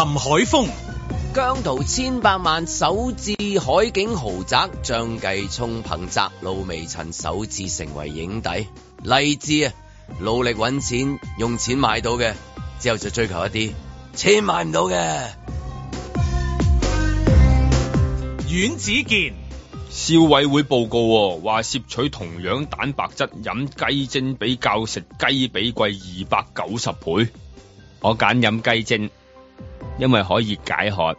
林海峰，姜濤千百萬首置海景豪宅，張繼聰憑窄路微塵首置成為影帝，勵志啊，努力搵錢用錢買到嘅，之後就追求一啲錢買唔到嘅。阮子健，消委會報告話攝取同樣蛋白質飲雞精比較食雞髀貴二百九十倍，我揀飲雞精。因為可以解渴。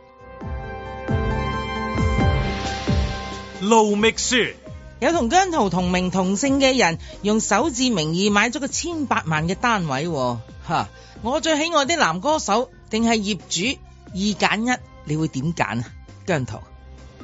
盧覓雪 有同姜濤同名同姓嘅人，用手指名義買咗個千百萬嘅單位，哦。吓，我最喜愛的男歌手定係業主，二揀一，你會點揀啊？姜濤，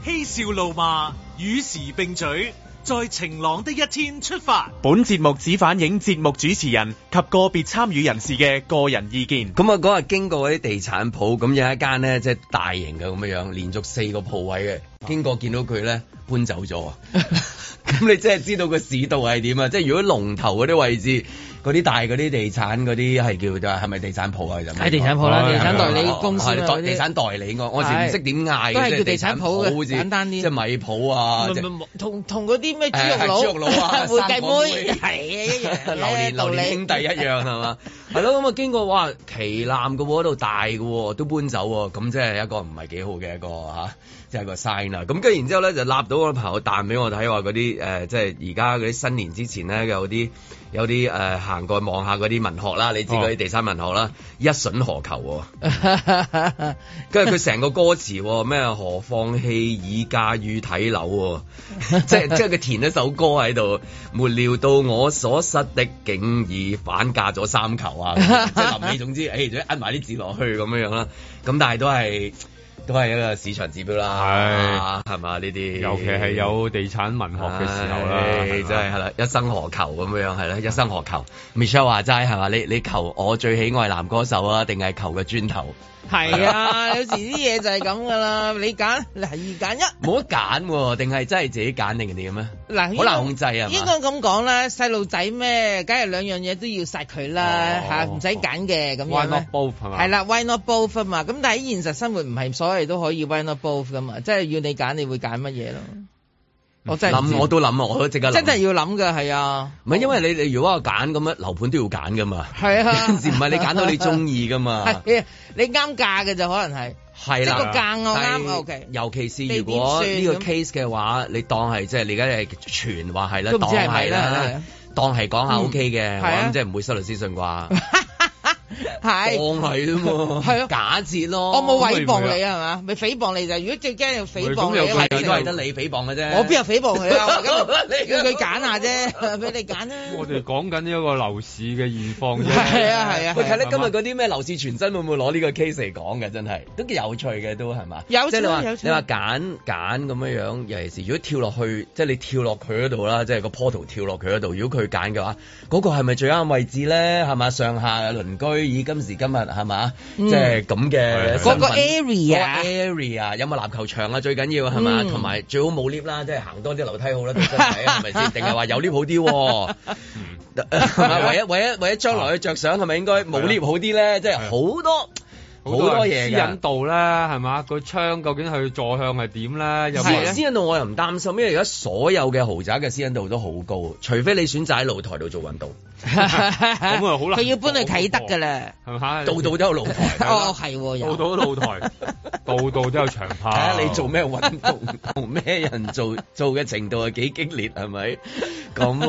嬉 笑怒罵與時並舉。在晴朗的一天出發。本節目只反映節目主持人及個別參與人士嘅個人意見。咁啊，嗰日經過嗰啲地產鋪，咁有一間咧，即係大型嘅咁嘅樣，連續四個鋪位嘅，經過見到佢咧搬走咗啊。咁你真係知道個市道係點啊？即係如果龍頭嗰啲位置。嗰啲大嗰啲地產嗰啲係叫做係咪地產鋪啊？就係地產鋪啦，地產代理公司，地產代理應，我時唔識點嗌，都係叫地產鋪嘅，好似即係米鋪啊！同同嗰啲咩豬肉佬啊、山雞妹係啊一樣，流年流年兄弟一樣係嘛？係咯，咁啊經過哇，旗艦嘅喎，喺度大嘅喎，都搬走喎，咁即係一個唔係幾好嘅一個嚇，即係個 sign 啊！咁跟住然之後咧，就攞到我朋友彈俾我睇話嗰啲誒，即係而家嗰啲新年之前咧有啲。有啲誒、呃、行過望下嗰啲文學啦，你知嗰啲地產文學啦，哦、一筍何求、啊？跟住佢成個歌詞咩、啊、何放棄以嫁與睇樓，即係即係佢填一首歌喺度，沒料到我所失的，竟已反價咗三球啊！即係臨尾，總之誒，總之噏埋啲字落去咁樣樣啦。咁但係都係。都係一個市場指標啦，係係嘛？呢啲，尤其係有地產文學嘅時候啦，係，係嘛？真係係啦，一生何求咁樣樣，係啦， 一生何求？Michelle 話齋係嘛？你你求我最喜愛男歌手啊，定係求個磚頭？係 啊，有時啲嘢就係咁噶啦。你揀，嗱二揀一，冇 得揀，啊，定係真係自己揀定人哋嘅咩？嗱為，好難控制啊。應該咁講啦，細路仔咩，梗係兩樣嘢都要殺佢啦，吓唔使揀嘅咁樣。Why not both 係啦，why not both 嘛。咁但係喺現實生活唔係所謂都可以 why not both 噶嘛，即係要你揀，你會揀乜嘢咯？我真諗我都諗啊，我都即刻諗。真係要諗噶，係啊。唔係因為你你如果我揀咁樣樓盤都要揀噶嘛。係啊。有陣時唔係你揀到你中意噶嘛。你啱價嘅就可能係。係啦。個價啱。尤其是如果呢個 case 嘅話，你當係即係你而家係傳話係啦，當係啦，當係講下 OK 嘅，咁即係唔會收律師信啩。係，當係啫嘛，係咯，假設咯，我冇誹謗你啊，係嘛，咪誹謗你就如果最驚就誹謗。咁都係得你誹謗嘅啫，我邊有誹謗佢啊？叫佢揀下啫，俾你揀啊。我哋講緊一個樓市嘅現況啫。係啊係啊，睇下今日嗰啲咩樓市傳真會唔會攞呢個 case 嚟講嘅？真係都幾有趣嘅，都係嘛？有趣，你話揀揀咁樣樣，尤其是如果跳落去，即係你跳落佢嗰度啦，即係個坡度跳落佢嗰度。如果佢揀嘅話，嗰個係咪最啱位置咧？係嘛，上下鄰居。去以今時今日係嘛，即係咁嘅嗰個 area，個 area 有冇籃球場啊？最緊要係嘛，同埋最好冇 lift 啦，即係行多啲樓梯好啦，對身體係咪先？定係話有 lift 好啲？係咪唯一唯一為咗將來嘅著想係咪應該冇 lift 好啲咧？即係好多好多嘢，私隱度咧係嘛？個窗究竟佢座向係點咧？私私隱度我又唔擔心，因為而家所有嘅豪宅嘅私隱度都好高，除非你選擇喺露台度做運動。咁啊好啦，佢要搬去啟德噶啦，係咪？度度都有露台，哦係，度度露台，度度都有長跑。睇下你做咩運動，同咩人做，做嘅程度係幾激烈，係咪？咁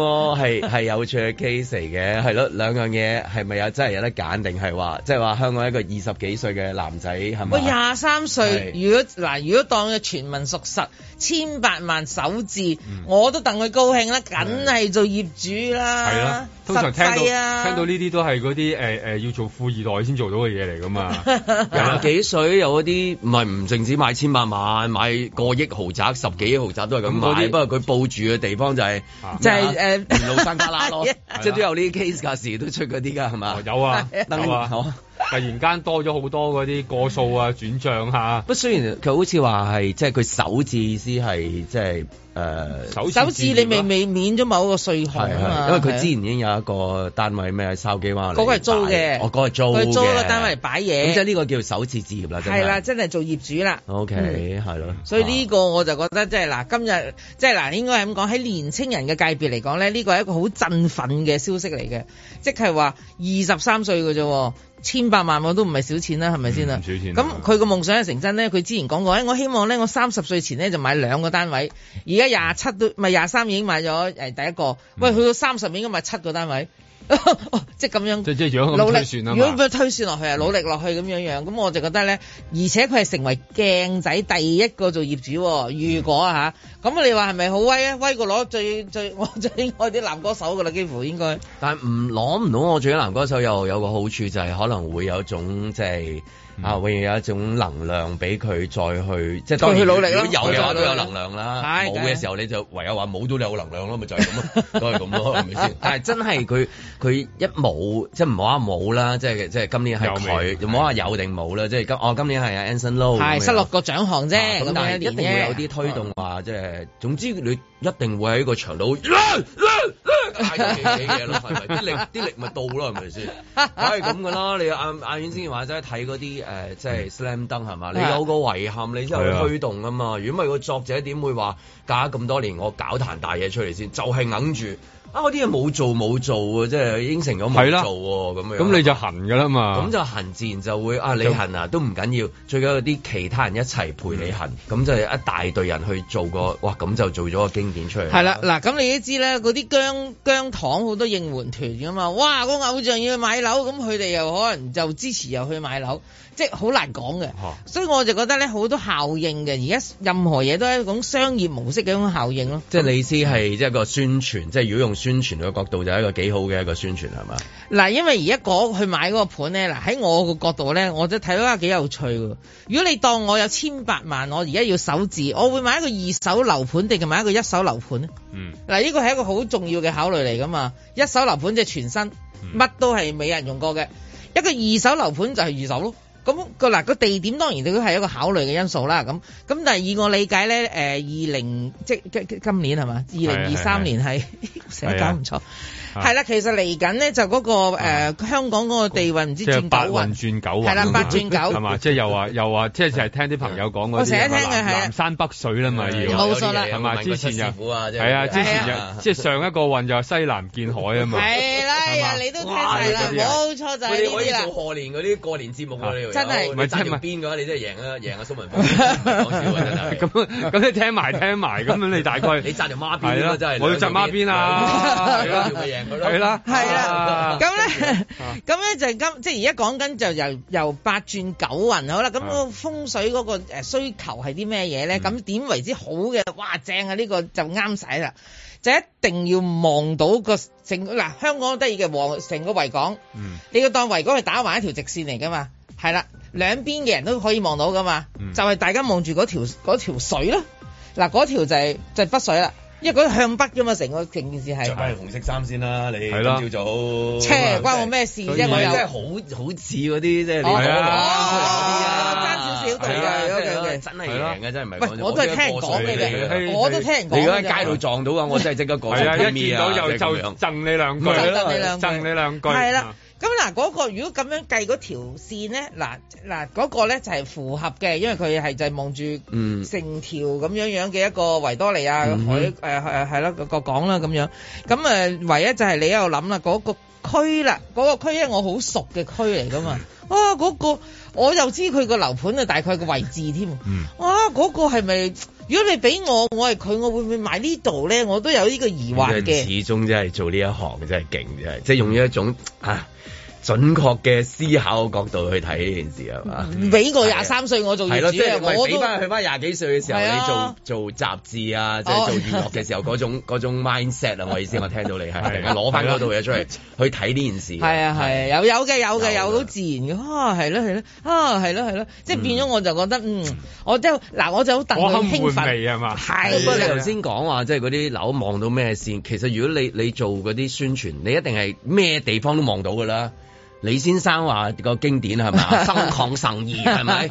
係係有趣嘅 case 嚟嘅，係咯，兩樣嘢係咪有真係有得揀，定係話即係話香港一個二十幾歲嘅男仔係咪？我廿三歲，如果嗱，如果當嘅全民熟識千百萬手字，我都戥佢高興啦，梗係做業主啦，係啦。聽到、啊、聽到呢啲都係嗰啲誒誒要做富二代先做到嘅嘢嚟㗎嘛，廿 幾歲有一啲唔係唔淨止買千百萬,萬，買個億豪宅、十幾億豪宅都係咁買啲。嗯、不過佢住嘅地方就係 即係誒老山卡拉囉即係都有呢啲 case 嗰時都出嗰啲㗎係嘛？有啊，有啊 等，好啊。突然間多咗好多嗰啲過數啊，轉賬吓。不，雖然佢好似話係，即係佢首次先係，即係誒，首次，首次你未未免咗某一個稅項，因為佢之前已經有一個單位咩筲箕灣嗰個係租嘅，我嗰、哦嗰個係租嘅，個租個單位嚟擺嘢。即就呢個叫首次置業啦，真係。係啦，真係做業主啦。OK，係咯。所以呢個我就覺得即係嗱，今日即係嗱，應該係咁講喺年青人嘅界別嚟講咧，呢個係一個好振奮嘅消息嚟嘅，即係話二十三歲嘅啫。千百萬我都唔係少錢啦，係咪先啦？咁佢個夢想係成真咧，佢之前講過，誒我希望咧，我三十歲前咧就買兩個單位，而家廿七都唔係廿三已經買咗誒第一個喂，去到三十應該買七個單位。 即咁樣努力，即即樣咁推算啊，如果佢推算落去啊，努力落去咁樣樣，咁我就覺得咧，而且佢係成為鏡仔第一個做業主，哦，如果吓，咁你話係咪好威啊？係係威過攞最最我最愛啲男歌手噶啦，幾乎應該。但係唔攞唔到我最愛男歌手又有，有個好處就係可能會有一種即係。就係啊，永遠有一種能量俾佢再去，即係當佢努力咯，有嘅話都有能量啦。冇嘅時候你就唯有話冇都有能量咯，咪就係咁咯，都係咁咯，係咪先？但係真係佢佢一冇，即係唔好話冇啦，即係即係今年係佢，唔好話有定冇啦，即係今我今年係阿 Anson Lo，係失落個獎項啫。咁但係一定會有啲推動話，即係總之你一定會喺個場度。太多嘅嘢咯，係咪、 哎？啲力啲力咪到咯，係咪先？梗係咁噶啦，你晏晏遠先至話齋睇嗰啲誒，即係 slam 燈係嘛？你有個遺憾，你先有推動啊嘛。如果唔係個作者點會話隔咗咁多年，我搞壇大嘢出嚟先？就係揞住。啊！我啲嘢冇做，冇做，即係應承咗冇做，咁了樣，咁你就行噶啦嘛，咁就行自然就會啊，你行啊都唔緊要，最緊要啲其他人一齊陪你行，咁、嗯、就一大隊人去做個哇，咁就做咗個經典出嚟。係啦，嗱，咁你都知咧，嗰啲姜姜糖好多應援團噶嘛，哇！個偶像要去買樓，咁佢哋又可能就支持又去買樓。即係好難講嘅，哦、所以我就覺得咧好多效應嘅。而家任何嘢都係一種商業模式嘅一種效應咯。即係你意思係即係一個宣傳，即係如果用宣傳嘅角度就係一個幾好嘅一個宣傳，係嘛？嗱，因為而家講去買嗰個盤咧，嗱喺我個角度咧，我就睇到啊幾有趣嘅。如果你當我有千八萬，我而家要手字，我會買一個二手樓盤定係買一個一手樓盤咧？嗱、嗯，呢個係一個好重要嘅考慮嚟噶嘛？一手樓盤即係全新，乜都係冇人用過嘅；一個二手樓盤就係二手咯。咁個嗱，個地點當然亦都係一個考慮嘅因素啦。咁咁但係以我理解咧，誒二零即今年係嘛？二零二三年係社交唔錯的。 係啦，其實嚟緊咧就嗰個香港嗰個地運唔知八運轉九運，係啦，八轉九，係嘛？即係又話又話，即係就係聽啲朋友講個嘢係嘛？南山北水啦嘛要，冇錯啦係嘛？之前又係啊，之前又即係上一個運就係西南見海啊嘛。係啦，你都聽晒啦，冇錯就係呢啲啦。你可以做賀年嗰啲過年節目真係唔條邊，你真係贏啊贏啊蘇文真係。咁咁你聽埋聽埋，咁你大概你紮條孖邊啊真係，我要紮孖邊啊，係啦，係、啊、啦，咁咧、啊，咁咧就今即係而家講緊就由由八轉九運，好啦，咁個風水嗰個誒需求係啲咩嘢咧？咁點的為之好嘅？嗯、哇，正啊！呢、這個就啱使啦，就一定要望到個成嗱香港得意嘅黃成個維港，嗯、你要當維港係打橫一條直線嚟噶嘛？係啦，兩邊嘅人都可以望到噶嘛？嗯、就係大家望住嗰條條水啦，嗱嗰條就係、是、就係、是、北水啦。因為佢向北噶嘛，成個成件事係着翻紅色衫先啦，你咁叫做。切，關我咩事啫？我又真係好好似嗰啲，即係你啦。哦，爭少少對㗎，真係贏嘅，真係唔係。我都係聽人講嘅，我都聽人講。如果喺街度撞到我，我真係即刻講聲。一見到就就贈你兩句啦，贈你兩句，贈你兩句。係啦。咁嗱，嗰、嗯、個如果咁樣計嗰條線咧，嗱嗱嗰個咧就係符合嘅，因為佢係就係望住嗯成條咁樣樣嘅一個維多利亞海，誒誒係啦個港啦咁樣咁誒，唯一就係你喺度諗啦嗰個。區啦，嗰、那個區，因為我好熟嘅區嚟噶嘛， 啊嗰、那個我又知佢個樓盤啊大概個位置添， 嗯、啊嗰、那個係咪？如果你俾我，我係佢，我會唔會買呢度咧？我都有呢個疑惑嘅。始終真係做呢一行真係勁，真即係、就是、用一種啊。準確嘅思考角度去睇呢件事係嘛？俾個廿三歲我做業主係咯，即係唔係俾翻翻廿幾歲嘅時候你做做雜誌啊，即係做娛樂嘅時候嗰種 mindset 啊，我意思我聽到你係攞翻嗰套嘢出嚟去睇呢件事係啊係有有嘅有嘅有好自然嘅啊係咯係咯啊係咯係咯，即係變咗我就覺得嗯我即嗱我就好特別興奮係嘛？係不過你頭先講話即係嗰啲樓望到咩先？其實如果你你做嗰啲宣傳，你一定係咩地方都望到㗎啦。李先生話個經典係咪？心曠神怡係咪？是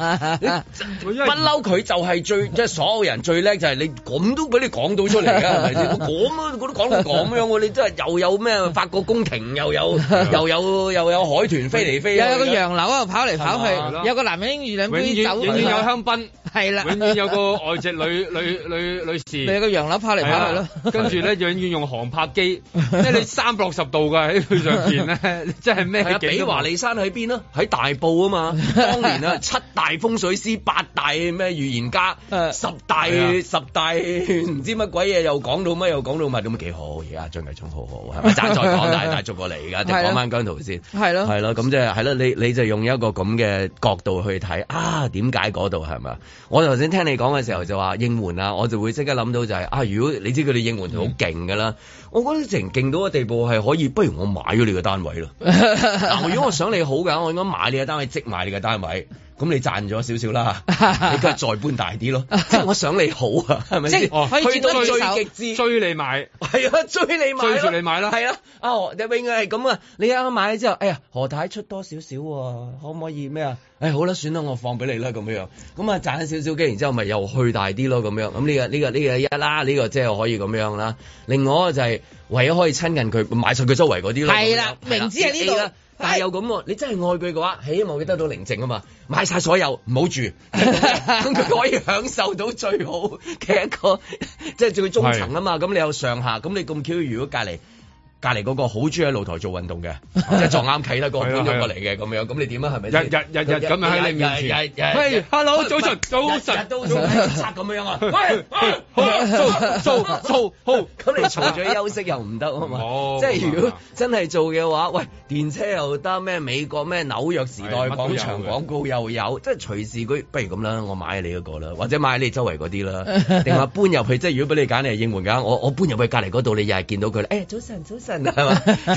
不嬲佢 就係最即係所有人最叻就係你咁都俾你講到出嚟㗎，係咪先？講啊， 嗰啲講到咁樣喎，你真係又有咩法國宮廷，又有 又有又有，又有海豚飛嚟飛， 有，有個洋樓啊跑嚟跑去，吧有個男人飲兩杯酒，永遠，永遠有香檳。 係啦，永遠有個外籍女女女女士，你有個洋樓拍嚟拍去咯、啊。 跟住咧，永遠用航拍機，即係你三百六十度嘅喺佢上邊咧，即係咩？比華利山喺邊咯？喺大埔啊嘛。當年啊，七大風水師、八大咩預言家、 十大、啊、十大唔知乜鬼嘢，又講到乜又講到乜，咁幾好。而家張繼聰好好，咪再講，大係、 啊、但係逐個嚟㗎，啊、就講翻姜濤先。係咯、啊，係咯、啊，咁即係係咯，你你,你就用一個咁嘅角度去睇啊？點解嗰度係嘛？我頭先聽你講嘅時候就話應援啦、啊，我就會即刻諗到就係，是，啊，如果你知佢哋應援好勁噶啦，我覺得成勁到嘅地步係可以，不如我買咗你嘅單位咯。 如果我想你好嘅，我應該買你嘅單位積埋你嘅單位。咁你賺咗少少啦，你梗係再搬大啲咯，即係我想你好啊，係咪先？即係去到最極致，追你買，係啊，追你買，追住你買啦，係啦。啊，你永係咁啊，你啱買咗之後，哎呀，何太出多少少，可唔可以咩啊？哎，好啦，算啦，我放俾你啦，咁樣，咁啊賺少少機，然之後咪又去大啲咯，咁樣，咁呢個呢個呢個一啦，呢個即係可以咁樣啦。另外就係唯一可以親近佢買曬佢周圍嗰啲咯。係啦，明知係呢度。但係又咁，你真係愛佢嘅話，希望佢得到寧靜啊嘛！買晒所有，唔好住，佢 可以享受到最好嘅一個，即係最中層啊嘛！咁你有上下，咁你咁 Q，如果隔離。隔籬嗰個好中意喺露台做運動嘅，即係撞啱契啦，個搬咗過嚟嘅咁樣，咁你點啊？係咪日日日日咁樣喺度？喂，hello，早晨，早晨，日日都做，做咁樣啊？喂，做做做，好，咁你做咗休息又唔得啊嘛？即係如果真係做嘅話，喂，電車又得咩？美國咩紐約時代廣場廣告又有，即係隨時嗰，不如咁啦，我買你嗰個啦，或者買你周圍嗰啲啦，定話搬入去，即係如果俾你揀，你係應門噶，我我搬入去隔籬嗰度，你又係見到佢啦。誒，早晨，早晨。真係嘛？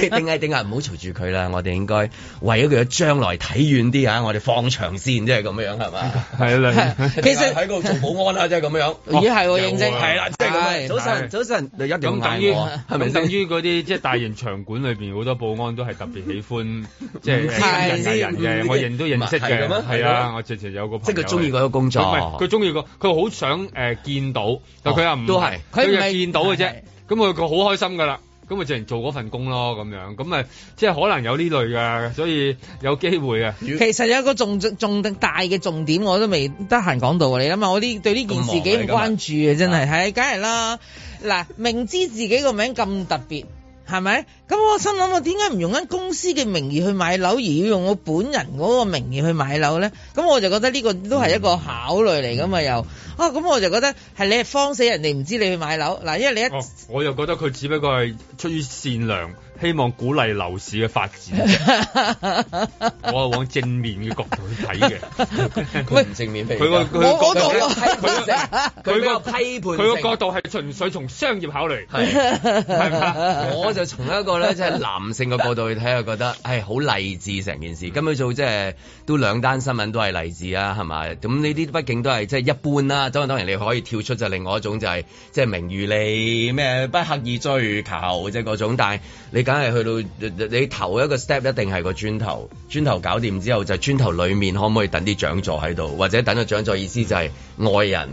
定係定係唔好嘈住佢啦！我哋應該為咗佢嘅將來睇遠啲嚇，我哋放長線即係咁樣係嘛？係啦，其實喺嗰度做保安啊，即係咁樣。而家係我認識，係啦，即係早晨，早晨你一定係咁，等於等於嗰啲即係大型場館裏邊好多保安都係特別喜歡，即係咁人嘅。我認都認識嘅，係啊，我直情有個朋友。即係佢中意嗰個工作，佢中意個，佢好想誒見到，但佢又唔都係佢又見到嘅啫，咁佢佢好開心㗎啦。咁咪淨係做嗰份工咯，咁樣咁咪即係可能有呢類噶，所以有機會嘅。其實有一個重重大嘅重點，我都未得閒講到啊！你諗下，我呢對呢件事幾唔關注啊，天真係係梗係啦。嗱，明知自己個名咁特別。係咪？咁我心諗我點解唔用緊公司嘅名義去買樓，而要用我本人嗰個名義去買樓咧？咁我就覺得呢個都係一個考慮嚟㗎嘛。又、嗯、啊，咁我就覺得係你係慌死人哋唔知你去買樓嗱，因為你一、啊、我又覺得佢只不過係出於善良。希望鼓勵樓市嘅發展，我係往正面嘅角度去睇嘅。唔 正面，佢個角度係佢嗰個批判，佢個角度係純粹從商業考慮，係咪？我就從一個咧，即係男性嘅角度去睇，就覺得係好勵志成件事。根本做即係都兩單新聞都係勵志啊，係咪？咁呢啲畢竟都係即係一般啦。當然當然，你可以跳出就另外一種，就係即係名譽利咩不刻意追求即係嗰種，但係你。梗係去到你頭一個 step 一定係個磚頭，磚頭搞掂之後就磚頭裏面可唔可以等啲獎座喺度，或者等個獎座意思就係外人、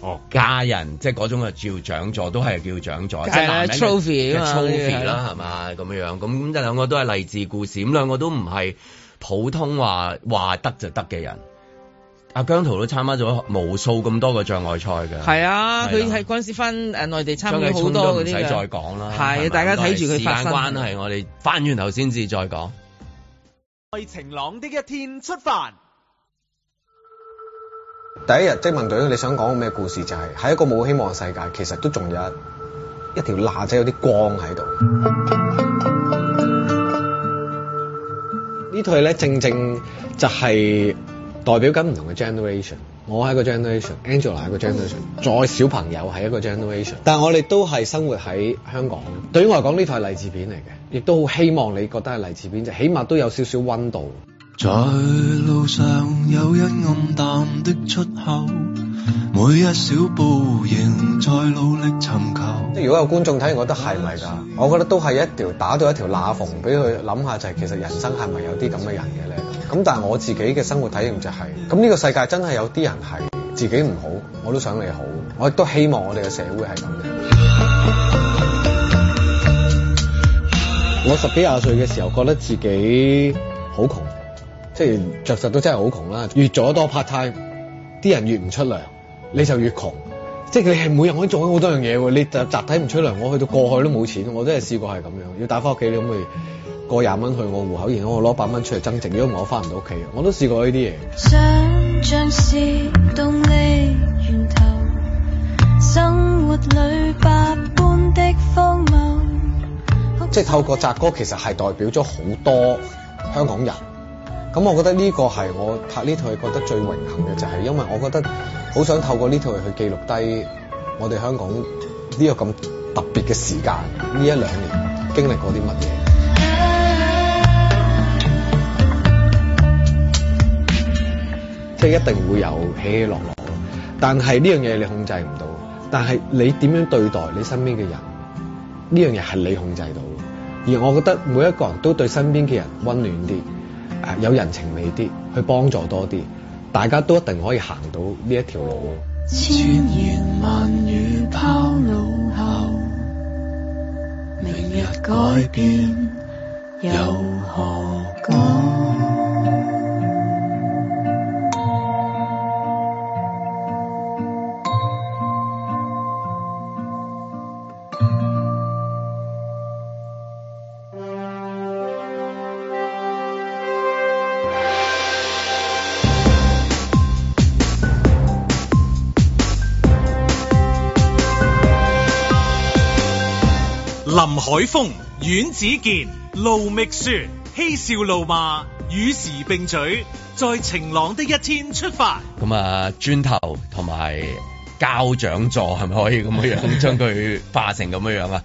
哦家人，即係嗰種啊，叫獎座都係叫獎座，即係 trophy 啊嘛，trophy 啦係嘛咁樣樣，咁咁兩個都係勵志故事，咁兩個都唔係普通話話得就得嘅人。阿姜濤都參加咗無數咁多個障礙賽嘅，係啊，佢係嗰陣時翻誒內地參加好多啲唔使再講啦。係、啊，吧大家睇住佢發生，時間關係我哋翻完頭先至再講。在晴朗的一天出發。第一日即、就是、問隊，你想講咩故事？就係、是、喺一個冇希望嘅世界，其實都仲有一條有一條罅仔有啲光喺度。 呢套咧正正就係、是。代表緊唔同嘅 generation，我係一個 generation，Angela 係一個 generation，再小朋友係一個 generation， 但係我哋都係生活喺香港。對於我嚟講呢台係勵志片嚟嘅，亦都好希望你覺得係勵志片就起碼都有少少温度。在路上有一暗淡的出口，每一小步仍在努力尋求。即如果有觀眾睇完我覺得係咪㗎？我覺得都係一條打到一條罅縫，俾佢諗下就係其實人生係咪有啲咁嘅人嘅咧？咁但係我自己嘅生活體驗就係、是，咁呢個世界真係有啲人係自己唔好，我都想你好，我亦都希望我哋嘅社會係咁樣。 我十幾廿歲嘅時候覺得自己好窮，即係着實都真係好窮啦。越做多 part time，啲人越唔出糧，你就越窮。即係你係每日可以做緊好多樣嘢喎，你集體唔出糧，我去到過去都冇錢，我都係試過係咁樣，要打返屋企你可唔可以？過廿蚊去我戶口，然後我攞百蚊出嚟增值，如果唔係我翻唔到屋企。我都試過呢啲嘢。想像是動力源頭，生活裏百般的荒謬，即係透過澤哥其實係代表咗好多香港人。咁我覺得呢個係我拍呢套戲覺得最榮幸嘅，嗯、就係因為我覺得好想透過呢套戲去記錄低我哋香港呢個咁特別嘅時間，呢一兩年經歷過啲乜嘢。即係一定會有起起落落，但係呢樣嘢你控制唔到。但係你點樣對待你身邊嘅人，呢樣嘢係你控制到。而我覺得每一個人都對身邊嘅人溫暖啲，誒有人情味啲，去幫助多啲，大家都一定可以行到呢一條路。千言萬語拋腦後，明日改變又何講？海峰、阮子健、盧覓雪、嬉笑怒罵，與時並舉，在晴朗的一天出發。咁啊，磚頭同埋膠獎座係咪可以咁樣樣將佢化成咁樣樣啊？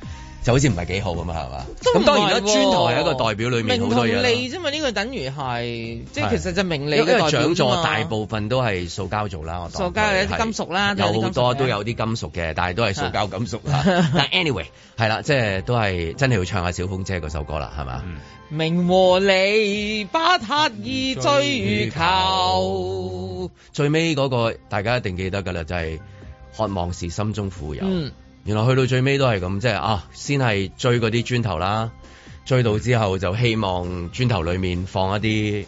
就好似唔係幾好咁嘛，係嘛？咁當然，啦，而家磚頭係一個代表，裏面好多嘢，名利啫嘛，呢個等於係即係其實就名利。因為獎座大部分都係塑膠做啦，我塑膠有啲金屬啦，有好多都有啲金屬嘅，但係都係塑膠金屬啦。但 anyway 係啦，即係都係真係要唱下小鳳姐嗰首歌啦，係嘛？名和利不刻意追求，最尾嗰個大家一定記得噶啦，就係渴望是心中富有。原來去到最尾都係咁，即係啊，先係追嗰啲磚頭啦，追到之後就希望磚頭裏面放一啲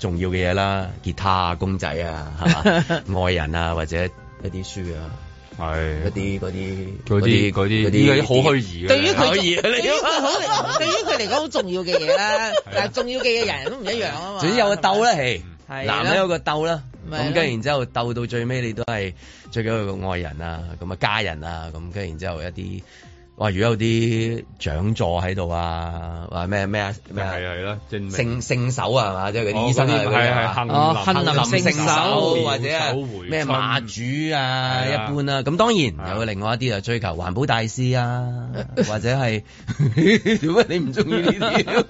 重要嘅嘢啦，吉他啊、公仔啊，係嘛，愛人啊，或者一啲書啊，係一啲嗰啲嗰啲嗰啲，依啲好虛擬嘅，對於佢嚟講好，對於佢嚟講好重要嘅嘢啦。但係重要嘅嘢，人人都唔一樣啊嘛。總之有個鬥啦，係男人有個鬥啦，咁跟然之後鬥到最尾，你都係。最緊要個愛人啊，咁啊家人啊，咁跟然之後一啲，哇！如果有啲獎座喺度啊，話咩咩啊？係啊係啦，勝勝手啊嘛，即係啲醫生啊，係係，哦，啊，係係哦，杏林勝手或者咩馬主啊，的一般啊。咁當然有的另外一啲啊，追求環保大師啊， 或者係點解你唔中意呢啲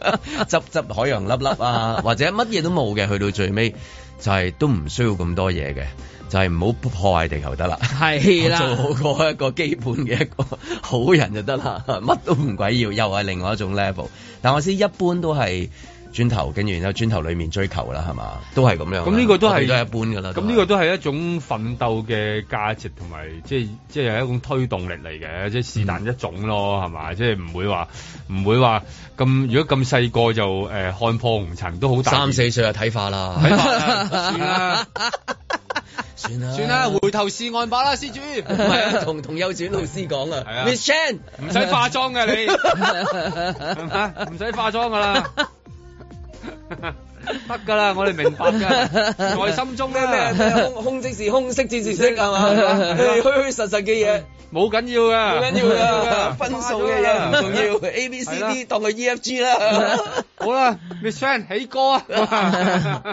執執海洋粒粒啊， 或者乜嘢都冇嘅，去到最尾。最就係都唔需要咁多嘢嘅，就係唔好破壞地球得啦，係啦，做好過一個基本嘅一個好人就得啦，乜都唔鬼要，又係另外一種 level。但我知一般都係。磚頭，跟住然之後磚頭裏面追求啦，係嘛，都係咁樣。咁呢個都係一般噶啦。咁呢個都係一種奮鬥嘅價值，同埋即係即係一種推動力嚟嘅，即係是但一種咯，係嘛？即係唔會話唔會話咁。如果咁細個就誒看破紅塵都好大，三四歲啊，睇化啦，算啦，算啦，算啦，回頭是岸吧啦，施主。唔係，同同幼稚園老師講啦，啊，Miss Chan，唔使化妝嘅你，唔使化妝噶啦。得噶啦，我哋明白噶，內心中咧咩咩空空即是空，色即是色，係嘛，虛虛實實嘅嘢，冇緊要噶，冇緊要噶，分數嘅嘢唔重要，A B C D 當佢 E F G 啦，好啦，Miss Fan 起歌啊，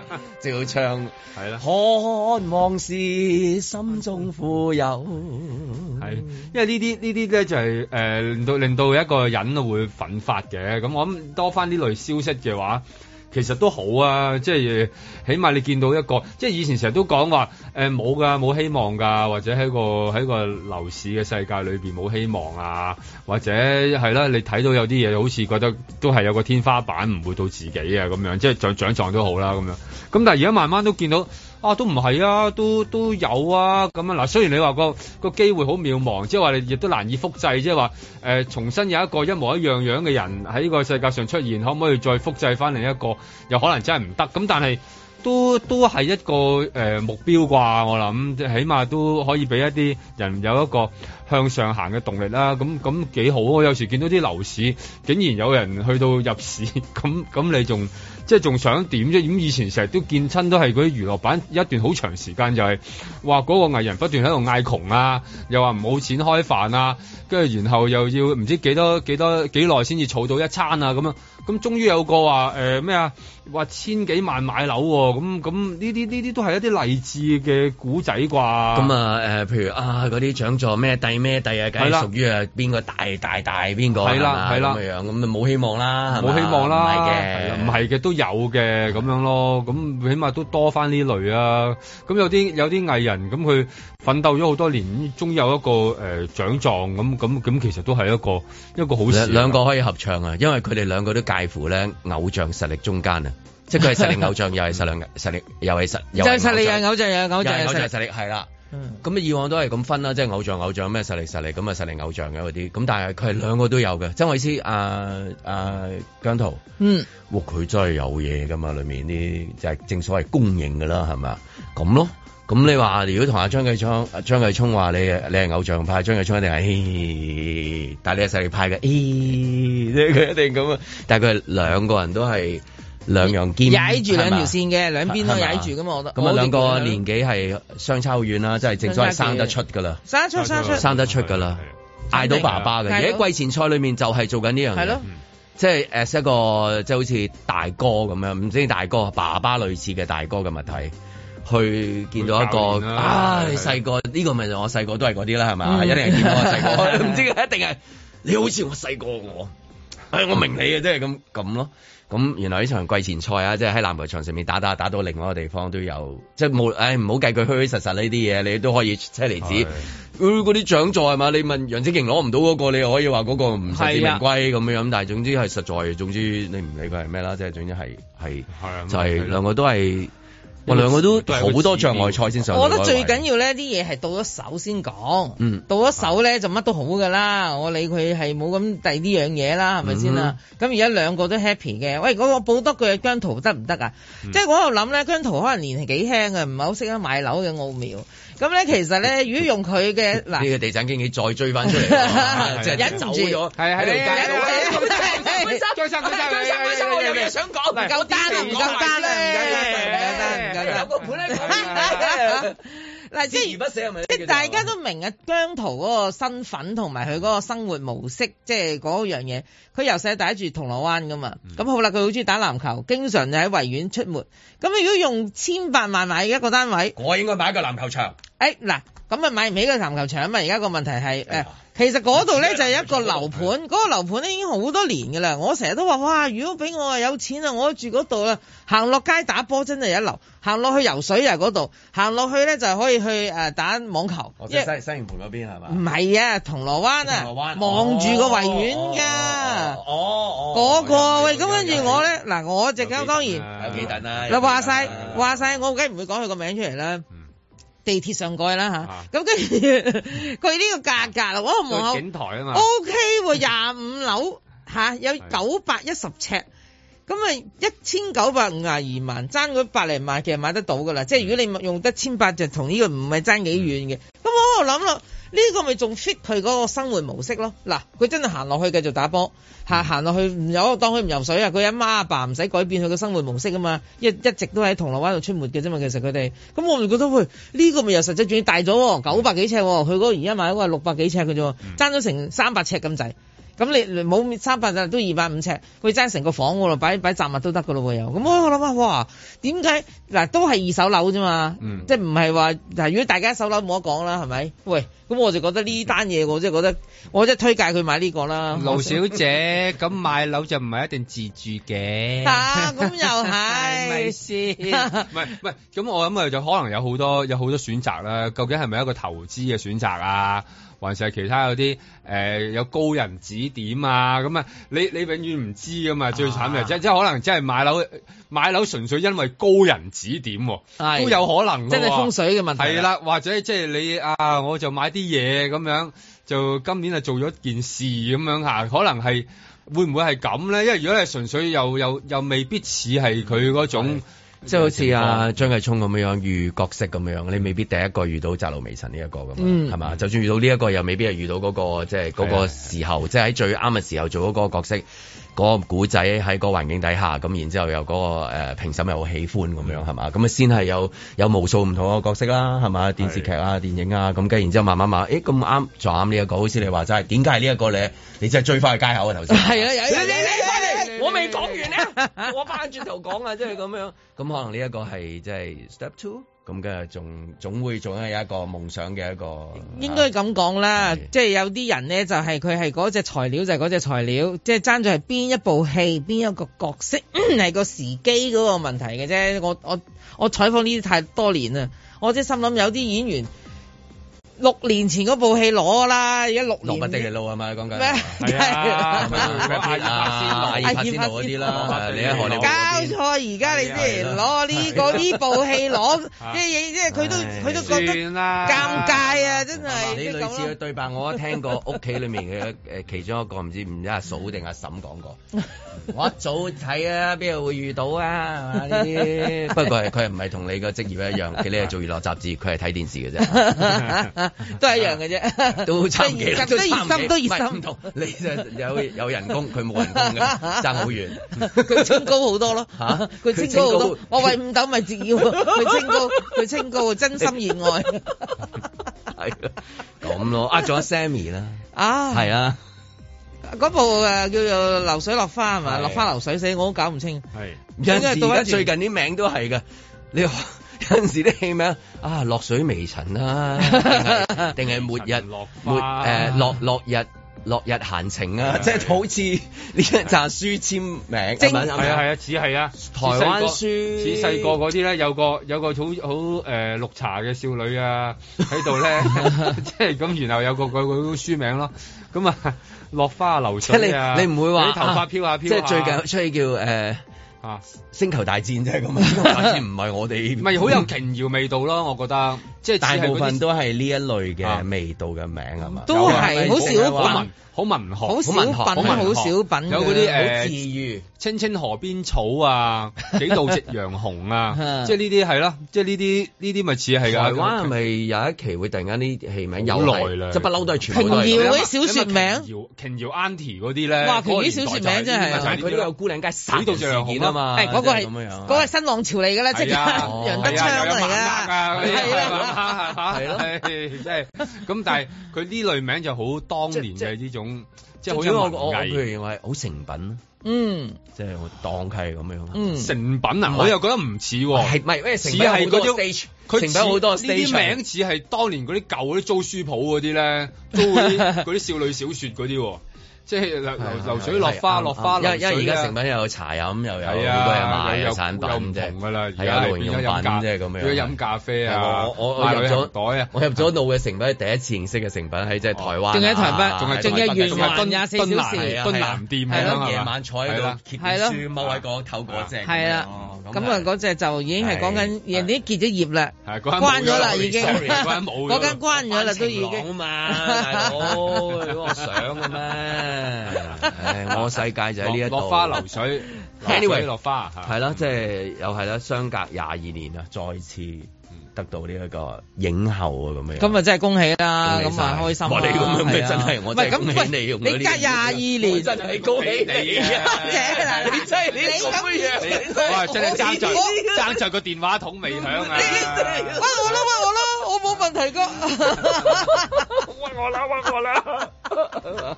就要唱係啦，看往事心中富有，係，因為呢啲呢啲咧就係誒令到令到一個人會奮發嘅，咁我諗多翻呢類消息嘅話。其實都好啊，即係起碼你見到一個，即係以前成日都講話，誒冇㗎，冇希望㗎，或者喺個喺個樓市嘅世界裏邊冇希望啊，或者係啦、啊，你睇到有啲嘢好似覺得都係有個天花板，唔會到自己啊咁樣，即係獎獎狀都好啦、啊、咁樣。咁但係而家慢慢都見到。啊，都唔係啊，都都有啊，咁樣嗱，雖然你話個個機會好渺茫，即係話你亦都難以複製，即係話誒重新有一個一模一樣樣嘅人喺呢個世界上出現，可唔可以再複製翻另一個？又可能真係唔得，咁但係都都係一個誒、呃、目標啩，我諗，起碼都可以俾一啲人有一個。向上行嘅動力啦，咁咁幾好喎。有時見到啲樓市竟然有人去到入市，咁咁你仲，即係仲想點啫？咁以前成日都見親都係嗰啲娛樂版一段好長時間就係話嗰個藝人不斷喺度嗌窮啊，又話冇錢開飯啊，跟住然後又要唔知幾多幾多幾耐先至儲到一餐啊咁啊，咁終於有個話誒咩啊，話、呃、千幾萬買樓咁咁呢啲呢啲都係一啲勵志嘅古仔啩。咁啊誒，譬如啊嗰啲獎座咩第咩第啊？梗係屬於啊邊個，大大大邊個，係啦係啦，咁樣咁就冇希望啦，冇希望啦，唔係嘅，唔係嘅都有嘅咁樣咯。咁起碼都多返呢類啊。咁有啲有啲藝人咁佢奮鬥咗好多年，終於有一個誒獎狀咁咁咁，其實都係一個一個好事。兩個可以合唱啊，因為佢哋兩個都介乎咧偶像實力中間啊，即係佢係實力偶像，又係實力實力，又係實又實力又偶像又偶像又實力，係啦。咁啊，嗯、以往都係咁分啦，即係偶像偶像，咩實力實力咁啊，實力偶像嘅嗰啲。咁但係佢係兩個都有嘅。曾偉思啊啊，姜濤，嗯，佢、哦、真係有嘢噶嘛？裏面啲就係、是、正所謂公認㗎啦，係咪啊？咁咯。咁、嗯嗯嗯、你話如果同阿張繼聰，張繼聰話你你係偶像派，張繼聰一定係，但係你係實力派嘅，咦？即係佢一定咁啊。但係佢係兩個人都係。兩樣肩，踩住兩條線嘅，兩邊都踩住噶，我覺得。咁啊，兩個年紀係相差好遠啦，即係正所謂生得出噶啦，生得出，生得出，生得出噶啦，嗌到爸爸嘅，而喺季前賽裏面就係做緊呢樣嘢，即係誒，一個即係好似大哥咁樣，唔知大哥、爸爸類似嘅大哥嘅物體，去見到一個，唉，細個呢個咪就我細個都係嗰啲啦，係咪，一定係見到我細個，唔知一定係你好似我細個我，唉，我明你嘅，即係咁咁咯。咁、嗯、原來呢場季前賽啊，即係喺籃球場上面打打打到另外一個地方都有，即係冇，唉唔好計佢虛虛實實呢啲嘢，你都可以車厘子，嗰啲的、呃、獎座係嘛？你問楊子晴攞唔到嗰、那個，你又可以話嗰個唔實至名歸咁的樣，但係總之係實在，總之你唔理佢係咩啦，即係總之係係，的就係兩個都係。我兩個都好多障礙賽先上。我覺得最緊要呢啲嘢係到咗手先講，嗯，到咗手咧就乜都好噶啦，啊、我理佢係冇咁第二樣嘢啦，係咪先啦？咁而家兩個都 happy 嘅，喂，我行行、嗯、我報多佢姜濤得唔得啊？即係我喺度諗咧，姜濤可能年係幾輕嘅，唔係好識得買樓嘅奧妙。咁咧，其實咧，如果用佢嘅嗱，呢個地產經紀再追翻出嚟，忍住，係啊，喺度戒啊，我有嘢想講，唔夠單啊，唔夠單咧，唔夠單，唔夠單，嗱、啊，即係即係大家都明啊， 姜濤嗰個身份同埋佢嗰個生活模式，即係嗰樣嘢。佢由細大住銅鑼灣噶嘛，咁、嗯、好啦，佢好中意打籃球，經常就喺維園出沒。咁如果用千八萬買一個單位，我應該買一個籃球場。哎，嗱。咁啊，買唔起個籃球場啊嘛！而家個問題係誒，其實嗰度咧就係一個樓盤，嗰、嗰個樓盤咧已經好多年噶啦。我成日都話，哇！如果俾我啊有錢啊，我住嗰度啦，行落街打波真係一流，行落去游水又係嗰度，行落去咧就可以去誒打網球。即係西西營盤嗰邊係嘛？唔係啊，銅鑼灣啊，望住個維園㗎、哦。哦哦，嗰、哦哦嗰個喂，咁跟住我咧，嗱，我隻呢狗、啊、當然。有幾等啊？嗱、啊，話晒，話晒，我梗唔會講佢個名出嚟啦。嗯地鐵上蓋啦吓咁跟住佢呢個價格啦，我望嘛 O K 喎，廿五 Okay, 樓吓、啊、有九百一十尺，咁啊一千九百五廿二萬，爭嗰百嚟萬其實買得到噶啦，嗯、即係如果你用得千八就同呢個唔係爭幾遠嘅，咁、嗯、我度諗啦。呢個咪仲 fit 佢嗰個生活模式咯，嗱佢真係行落去繼續打波，行行落去唔遊當佢唔游水啊，佢阿媽阿爸唔使改變佢嘅生活模式啊嘛，一一直都喺銅鑼灣度出沒嘅啫嘛，其實佢哋，咁我就覺得喂，呢、這個咪又實際轉大咗、哦，九百幾尺、哦，佢嗰個,個而家買嗰個六百幾尺嘅啫，爭咗成三百尺咁滯。咁你冇三百尺都二百五尺，佢爭成個房喎，擺擺雜物都得噶咯喎又。咁、哎、我諗下，哇，點解嗱都係二手樓啫嘛，嗯、即係唔係話嗱，如果大家一手樓冇得講啦，係咪？喂，咁我就覺得呢單嘢我即係覺得，我即係推介佢買呢個啦。盧小姐，咁 買樓就唔係一定自住嘅。吓、 啊，咁又係？咪先、 哎？唔係係，咁、 哎、我諗就可能有好多有好多選擇啦。究竟係咪一個投資嘅選擇啊？還是係其他嗰啲誒，有高人指點啊，咁啊，你你永遠唔知噶嘛，啊、最慘嘅，即即可能真係買樓買樓純粹因為高人指點、啊，的都有可能嘅、啊，即係風水嘅問題係、啊、啦，或者即係你啊，我就買啲嘢咁樣，就今年就做咗件事咁樣吓，可能係會唔會係咁咧？因為如果你純粹又又又未必似係佢嗰種。即係好似啊張繼聰咁樣樣遇角色咁樣，你未必第一個遇到、這個《窄路微塵》呢一個咁，係嘛？就算遇到呢、這、一個，又未必係遇到嗰、那個，即係嗰個時候，的即係喺最啱嘅時候做嗰個角色。嗰個古仔喺嗰個環境底下，咁然之後又嗰、那個誒、呃、評審又好喜歡咁樣係嘛？咁啊先係有有無數唔同個角色啦，係嘛電視劇啊、電影啊咁，跟然之後慢慢慢，誒咁啱撞啱呢一個，好似你話齋，點解係呢一個咧？你真係最快嘅街口啊，頭先係啊，有呢呢呢，我未講完咧，我返轉頭講啊，即係咁樣，咁可能呢一個係即係 step two。咁嘅，仲總會仲係有一個夢想嘅一個應該咁講啦。即係有啲人咧，就係佢係嗰隻材料就係嗰隻材料，即係爭在係邊一部戲，邊一個角色係 個時機嗰個問題嘅啫。我我我採訪呢啲太多年啦，我即係心諗有啲演員。六年前嗰部戲攞啦，而家六年。落不得其路係咪講緊？咩係啊？阿葉柏先路嗰啲啦，你喺何？你交錯而家你先攞呢個呢部戲攞，即係即係佢都佢都覺得尷尬啊！真係你類似嘅對白，我都聽過屋企裡面嘅誒其中一個唔知唔知阿嫂定阿嬸講過。我一早睇啊，邊度會遇到啊？係嘛呢啲？不過佢佢唔係同你個職業一樣，你係做娛樂雜誌，佢係睇電視嘅啫。都係一樣嘅啫，都好差心都差唔多。你就有有人工，佢冇人工嘅，差好遠。佢清高好多咯，吓佢清高好多。我為五斗米折腰，佢清高，佢清高，真心意外。係咁咯，呃咗 Sammy 啦，啊，係啊，嗰部誒叫做流水落花係嘛，落花流水死，我都搞唔清。係，因為而家最近啲名都係嘅，你。有陣時啲戲名啊，落 水微塵啊，定係末日落，末、呃、落，末誒落落日落日閒情啊，即係是的 好似呢一紮書簽名，係啊係啊似係啊，台灣書似細個嗰啲咧，有個有個好好誒綠茶嘅少女啊喺度咧，即係咁，然後 有個，個個個書名咯，咁啊落花流水、啊、你唔會話啲頭髮飄啊飄即係最近出去叫誒。呃嚇！啊、星球大戰 星球大戰係咁啊，唔係我哋，唔係好有瓊瑤味道咯，我覺得。即係大部分都係呢一類嘅味道嘅名吖嘛？都係好少好文好文學，好文學，好文學，有啲好治愈，青青河邊草啊，幾度夕陽紅啊，即係呢啲係啦，即係呢啲呢啲咪似係㗎。台灣係咪有一期會突然間啲戲名好耐啦！即係不嬲都係全部都係咧。瓊瑤啲小説名，瓊瑤 Auntie 嗰啲咧。哇！瓊瑤小説名真係，佢都有姑娘街幾度夕陽紅啊嘛。係嗰個，係嗰個係新浪潮嚟㗎啦，即係楊德昌嚟㗎。係啦。哈哈，係咯，即係咁，但係佢呢類名就好當年嘅呢種，即係好有啲我解，佢認為好成品咯，嗯，即係當係咁樣，嗯、成品啊是我又覺得唔似、哦，係唔係？似係嗰啲，佢成品好多呢啲像名似係當年嗰啲舊嗰啲租書鋪嗰啲咧，租嗰啲嗰啲少女小說嗰啲、哦。即係流水落花落花，因為而家誠品又有茶飲又有好多嘢賣嘅產品啫，咁嘅啦，而家飲咖啡啊，我我入咗袋啊，我入咗腦嘅誠品，第一次認識嘅誠品喺即係台灣，仲喺台北，仲係仲一月廿四小時，敦南店係咯，夜晚坐喺度唞書，某位個透嗰隻。咁啊，嗰隻就已經係講緊人哋結咗業啦，關咗啦已經，嗰間關咗啦都已經。講啊嘛，大佬，嗰個想嘅咩？誒，我世界就係呢一度。落花流水，anyway，落花。係啦，即係又係啦，相隔廿二年啊，再次。得到呢一個影后啊，咁樣，今日真係恭喜啦，咁啊，開心，我哋咁樣咪真係我恭喜你，你隔廿二年真係恭喜你啊！你真係你咁樣，我真係爭在爭在個電話筒未響啊！屈我咯屈我咯，我冇問題噶，屈我啦屈我啦！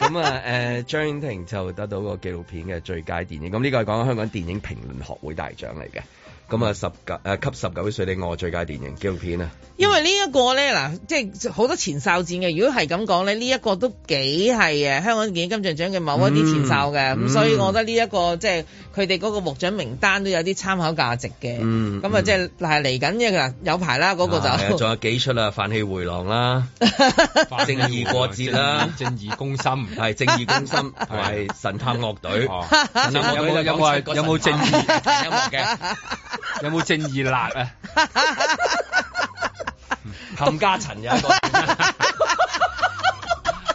咁啊，誒，張婉婷就得到個紀錄片嘅最佳電影，咁呢個係講香港電影評論學會大獎嚟嘅。咁啊，十九誒，吸十九歲你我最佳電影紀錄片啊！因為呢一個咧嗱，即係好多前哨戰嘅。如果係咁講咧，呢一個都幾係嘅。香港電影金像獎嘅某一啲前哨嘅，咁所以我覺得呢一個即係佢哋嗰個獲獎名單都有啲參考價值嘅。咁啊，即係嗱，係嚟緊嘅啦，有排啦嗰個就。仲有幾出啦？《泛起回廊》啦，《正義過節》啦，《正義攻心》係《正義攻心》同《神探樂隊》。有冇正義嘅音樂嘅？有冇正義辣、 嗯、都 啊？冚家塵、就是、有一個，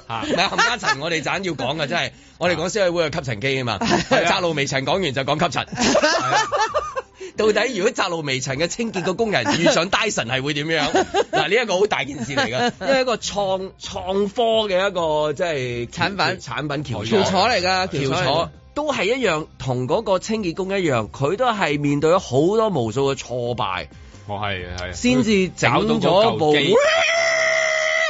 啊，係冚家塵，我哋陣要講嘅，即係我哋講消委會嘅吸塵機啊嘛，窄路、啊、微塵講完就講吸塵、 啊。到底如果窄路微塵嘅清潔嘅工人遇上 Dyson 係會點樣？嗱、 啊，呢一個好大件事嚟噶，因為一個創創科嘅一個即係產品產品橋橋座嚟噶橋座。都係一樣，同嗰個清潔工一樣，佢都係面對咗好多無數嘅挫敗，我係係先至找到咗部嘅、啊、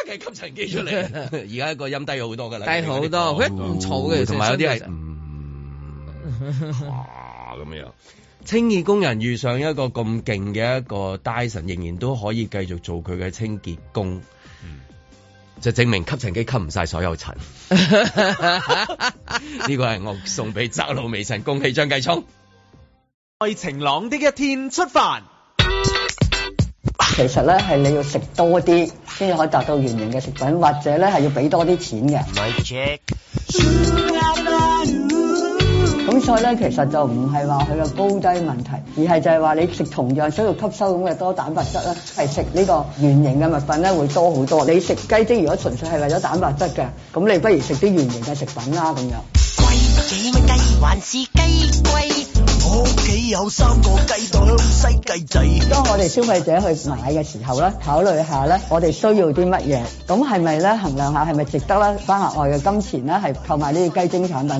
吸塵機出嚟。而 家個音低咗好多噶啦，低好多，佢唔錯嘅，同埋、哦、有啲係、嗯、哇咁樣。清潔工人遇上一個咁勁嘅一個 Dyson，仍然都可以繼續做佢嘅清潔工。嗯就證明吸塵機吸唔晒所有塵，呢 個係我送俾執路微塵，恭喜張繼聰。在晴朗的一天出發。其實咧係你要食多啲，先可以達到圓形嘅食品，或者咧係要俾多啲錢嘅。唔係 Magic. 點菜咧，其實就唔係話佢嘅高低問題，而係就係話你食同樣需要吸收咁嘅多蛋白質咧，係食呢個原型嘅物品咧會多好多。你食雞精如果純粹係為咗蛋白質嘅，咁你不如食啲原型嘅食品啦咁樣。貴幾蚊雞，還是雞貴？我屋企有三個雞蛋，西雞仔。當我哋消費者去買嘅時候咧，考慮下咧，我哋需要啲乜嘢？咁係咪咧衡量下係咪值得啦？花額外嘅金錢咧係購買呢啲雞精產品？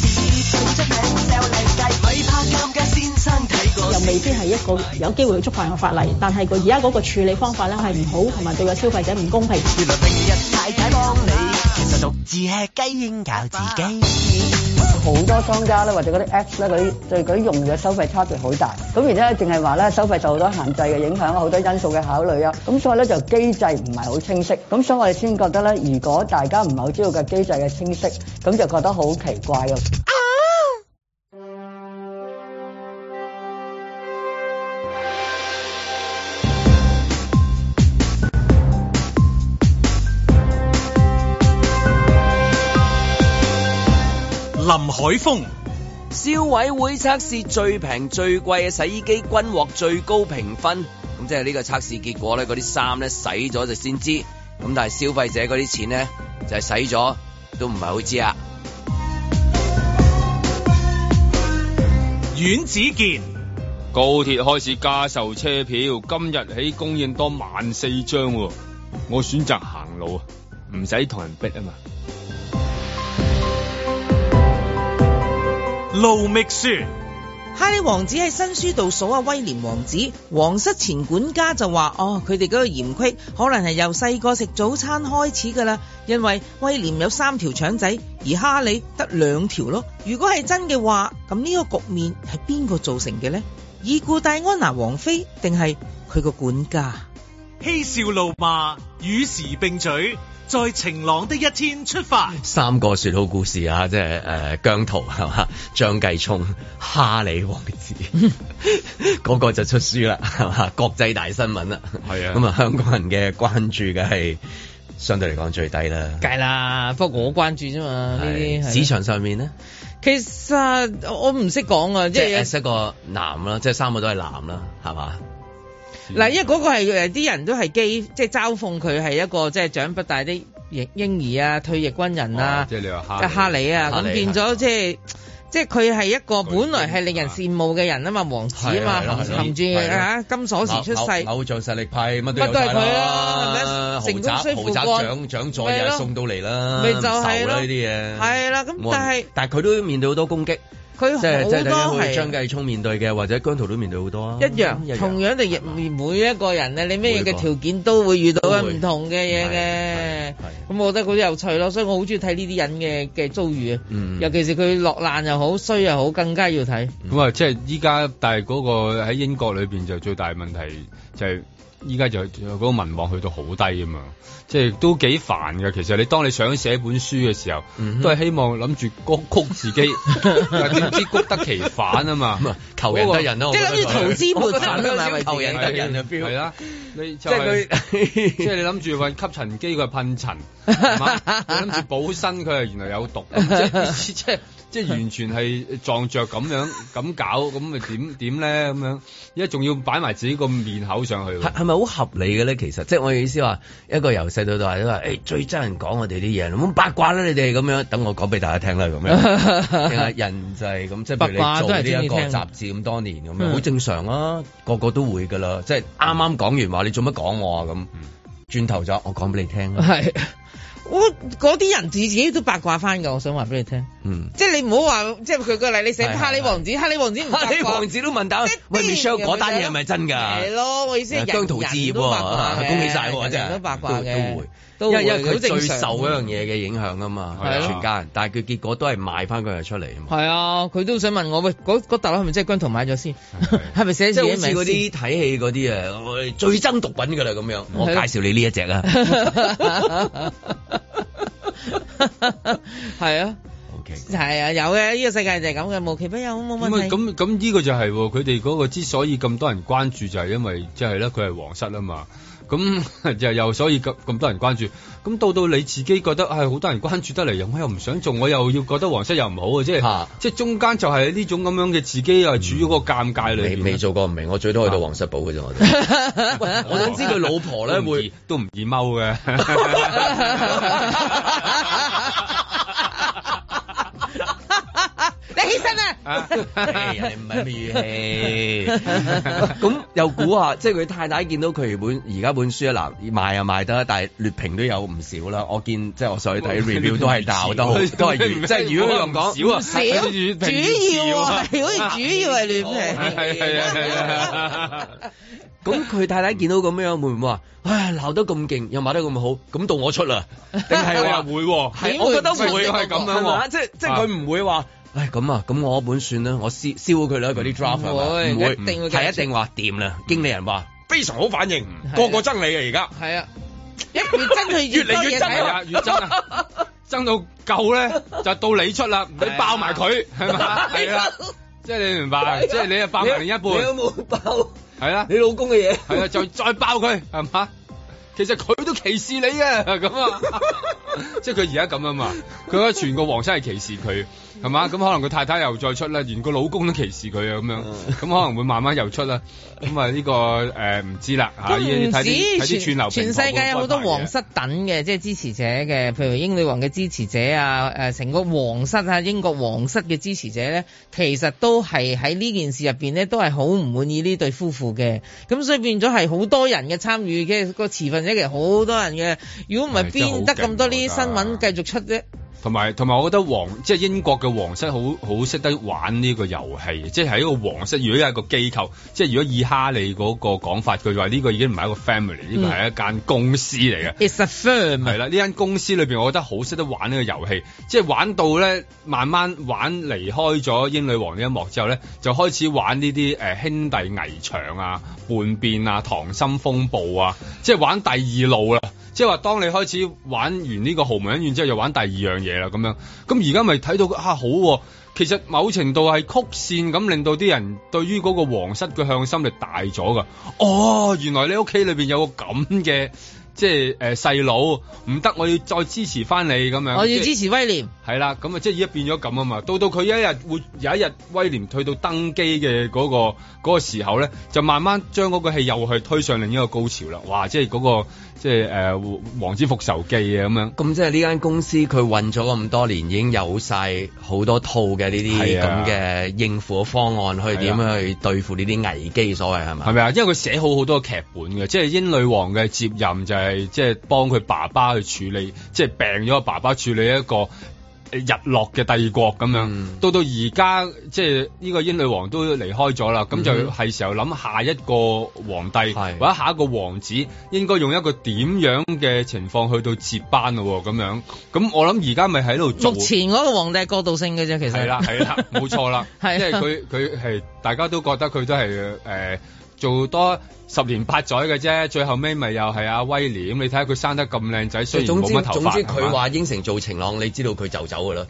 又未必係一個有機會去觸犯嘅法例，但係佢而家嗰個處理方法咧係唔好，同埋對個消費者唔公平。原來明日太太幫你，其實獨自係雞應教自己。好多商家咧，或者嗰啲 app 咧嗰啲，對佢用嘅收費差別好大。咁而家咧淨係話咧收費受好多限制嘅影響，好多因素嘅考慮啊。咁所以咧就機制唔係好清晰。咁所以我哋先覺得咧，如果大家唔係好知道個機制嘅清晰，咁就覺得好奇怪啊。林海峰，消委會測試最平最貴嘅洗衣機均獲最高評分，咁即係呢個測試結果咧，嗰啲衫咧洗咗就先知，咁但係消費者嗰啲錢咧就係洗咗都唔係好知啊。阮子健，高鐵開始加售車票，今日起供應多萬四張。我選擇行路，唔使同人逼啊嘛。路覓書，哈利王子喺新書度數啊，威廉王子，皇室前管家就話哦，佢哋嗰個嫌隙可能係由細個食早餐開始噶啦，因為威廉有三條腸仔，而哈利得兩條咯。如果係真嘅話，咁呢個局面係邊個造成嘅呢？已故戴安娜王妃定係佢個管家？嬉笑怒罵，與時並舉。在晴朗的一天出發，三個説好故事啊，即係誒、呃、姜濤係嘛，張繼聰、哈里王子嗰 個就出書啦，係嘛，國際大新聞啦，係啊，咁啊、嗯、香港人嘅關注嘅係相對嚟講最低啦，梗係啦，不過我關注啫嘛，呢啲是、啊、市場上面咧，其實我唔識講啊，即係一個男啦，即係三個都係男啦，係嘛？嗱，因為嗰個係誒啲人都係基，即係嘲諷佢係一個即係長不大的嬰嬰兒啊，退役軍人啊，即係你話蝦，蝦你啊，咁變咗即係即係佢係一個本來係令人羨慕嘅人啊嘛，王子啊嘛，含含住嚇金鎖匙出世，偶像實力派乜都係佢啦，係咪？豪宅豪宅長長座又送到嚟啦，咪就係咯呢啲嘢，係啦，咁但係但係佢都面對好多攻擊。佢好是多係張繼聰面對嘅，或者姜濤都面對好多啊，一樣，同樣地，每吧每一個人咧，你咩嘅條件都會遇到嘅，唔同嘅嘢嘅。咁我覺得嗰啲有趣咯，所以我好中意睇呢啲人嘅嘅遭遇啊。嗯、尤其是佢落難又好，衰又好，更加要睇。咁啊、嗯，即係依家，但係嗰個喺英國裏邊就最大問題就係、是。依家就嗰個民望去到好低啊嘛，即係都幾煩嘅。其實你當你想寫本書嘅時候，都係希望諗住谷谷自己，但係點知谷得其反啊嘛？求人得人咯、啊，即係諗住投資嘛？嗯就是、求人得人嘅標，係啦。即係佢，即係、就是、你諗住用吸塵機，佢係噴塵；諗住補身，佢係原來有毒。即係 即係完全係撞着咁樣咁搞，咁咪點點咧咁樣？而家仲要擺埋自己個面口上去，係咪好合理嘅咧？其實，即係我意思話，一個由細到大都、欸、話，誒最憎人講我哋啲嘢，咁八卦啦、啊、你哋咁樣，等我講俾大家聽啦咁樣。聽聽人就係咁，即係八卦都你做呢一個雜誌咁多年咁樣，好正常啊，個個都會噶啦。即係啱啱講完話，你做乜講我啊？咁轉頭咗，我講俾你聽啦。係。我嗰啲人自自己都八卦翻噶，我想話俾你聽。嗯，即係你唔好話，即係舉個例，你寫哈利王子，的哈利王子唔八卦，哈利王子都問到，喂，Sir 嗰單嘢係咪真噶？係咯，我意思係，姜濤置業卦、啊，恭喜晒，真係都八卦嘅、啊、都，都，都會。因為佢最受嗰樣嘢嘅影響嘛啊嘛，係全家人，但係佢結果都係賣翻佢哋出嚟啊嘛。係啊，佢都想問我喂，嗰大佬係咪真係姜濤買咗先？係咪寫字即係？啲睇戲嗰啲啊，最憎毒品噶啦咁樣。啊、我介紹你呢一隻啊。係啊。O K。係啊，有嘅，呢、這個世界就係咁嘅，無奇不有，冇問題。咁咁呢個就係喎，佢哋嗰個之所以咁多人關注就，就係因為即係咧，佢係皇室啊嘛。咁又 又所以咁咁多人關注，咁到到你自己覺得係好、哎、多人關注得嚟，又我又唔想做，我又要覺得皇室又唔好啊，即係即係中間就係呢種咁樣嘅自己係處於個尷尬裏。未、嗯、做過唔明，我最多去到皇室堡嘅啫，我。我想知佢老婆咧會 都唔易踎嘅。 你起身、啊。人哋唔係咩？嘅語氣，咁又估下，即係佢太太見到佢本而家本書啊，嗱賣啊賣得，但係劣評都有唔少啦。我見即係我上去睇 review 都係鬧得，都係即係如果我咁講少啊，少主要，如果主要係劣評，係係啊。咁佢太太見到咁樣會唔會話，唉，鬧得咁勁，又賣得咁好，咁到我出啦，定係我又會？我覺得會係咁樣，即係即係佢唔會話。唉，咁啊，咁我本算啦，我燒燒佢啦，嗰啲 draft 唔會，係一定話掂啦。經理人話非常好反應，個個爭你啊。而家係啊，一越爭越越嚟越爭啊，越爭啊，爭到夠咧就到你出啦，你爆埋佢係嘛？係啊，即係你明白？即係你啊，爆埋另一半，佢都冇爆，係啊，你老公嘅嘢，係啊，再再爆佢係嘛？其實佢都歧視你啊。咁啊，即係佢而家咁啊嘛，佢而家全個皇室係歧視佢。係嘛？咁可能佢太太又再出啦，連個老公都歧視佢啊，咁樣，咁可能會慢慢又出啦。咁啊，呢個誒唔、呃、知啦吓。唔止，全全世界有好多皇室等嘅，即係支持者嘅，譬如英女王嘅支持者啊，誒成個皇室啊，英國皇室嘅支持者咧，其實都係喺呢件事入邊咧，都係好唔滿意呢對夫婦嘅。咁所以變咗係好多人嘅參與嘅個持份者，其實好多人嘅。如果唔係，邊得咁多呢啲新聞繼續出啫？同埋同埋，我覺得皇即係英國嘅皇室，好好識得玩呢個遊戲。即係喺一個皇室，如果一個機構，即係如果以哈利嗰個講法，佢話呢個已經唔係一個 family，呢個係一間公司嚟嘅。嗯，it's a firm. 係啦，呢間公司裏邊，我覺得好識得玩呢個遊戲。即係玩到咧，慢慢玩離開咗英女王呢一幕之後咧，就開始玩呢啲誒兄弟鬩牆啊、叛變啊、溏心風暴啊，即係玩第二路啦。即係話，當你開始玩完呢個豪門恩怨之後，又玩第二樣嘢啦，咁樣。咁而家咪睇到啊，好啊，其實某程度係曲線咁令到啲人對於嗰個皇室嘅向心力大咗噶。哦，原來你屋企裏邊有個咁嘅，即係誒細佬，唔得，我要再支持翻你咁樣。我要支持威廉。係啦，咁啊，即係而家變咗咁啊嘛。到到佢一日會有一日威廉退到登基嘅嗰個嗰個時候咧，就慢慢將嗰個戲又去推上另一個高潮啦。哇，即係嗰個。即係誒、呃《王子復仇記》啊咁樣。咁即係呢間公司佢運咗咁多年，已經有晒好多套嘅呢啲咁嘅應付嘅方案，去點樣去對付呢啲危機，啊、所謂係咪？係咪啊？因為佢寫好好多劇本嘅，即係英女王嘅接任就係即係幫佢爸爸去處理，即、就、係、是、病咗個爸爸處理一個。日落嘅帝國咁樣，嗯、到到而家即係呢個英女王都離開咗啦，咁、嗯、就係時候諗下一個皇帝，是或者下一個王子應該用一個點樣嘅情況去到接班咯咁樣。咁我諗而家咪喺度做。目前嗰個皇帝係過渡性嘅啫，其實係啦係啦，冇錯啦，啊錯 啊、即係佢佢係大家都覺得佢都係誒做多。十年八載嘅啫，最後尾咪又係阿威廉，你睇下佢生得咁靚仔，所以冇乜頭髮，總之總之佢話應承做晴朗，你知道佢就走噶啦。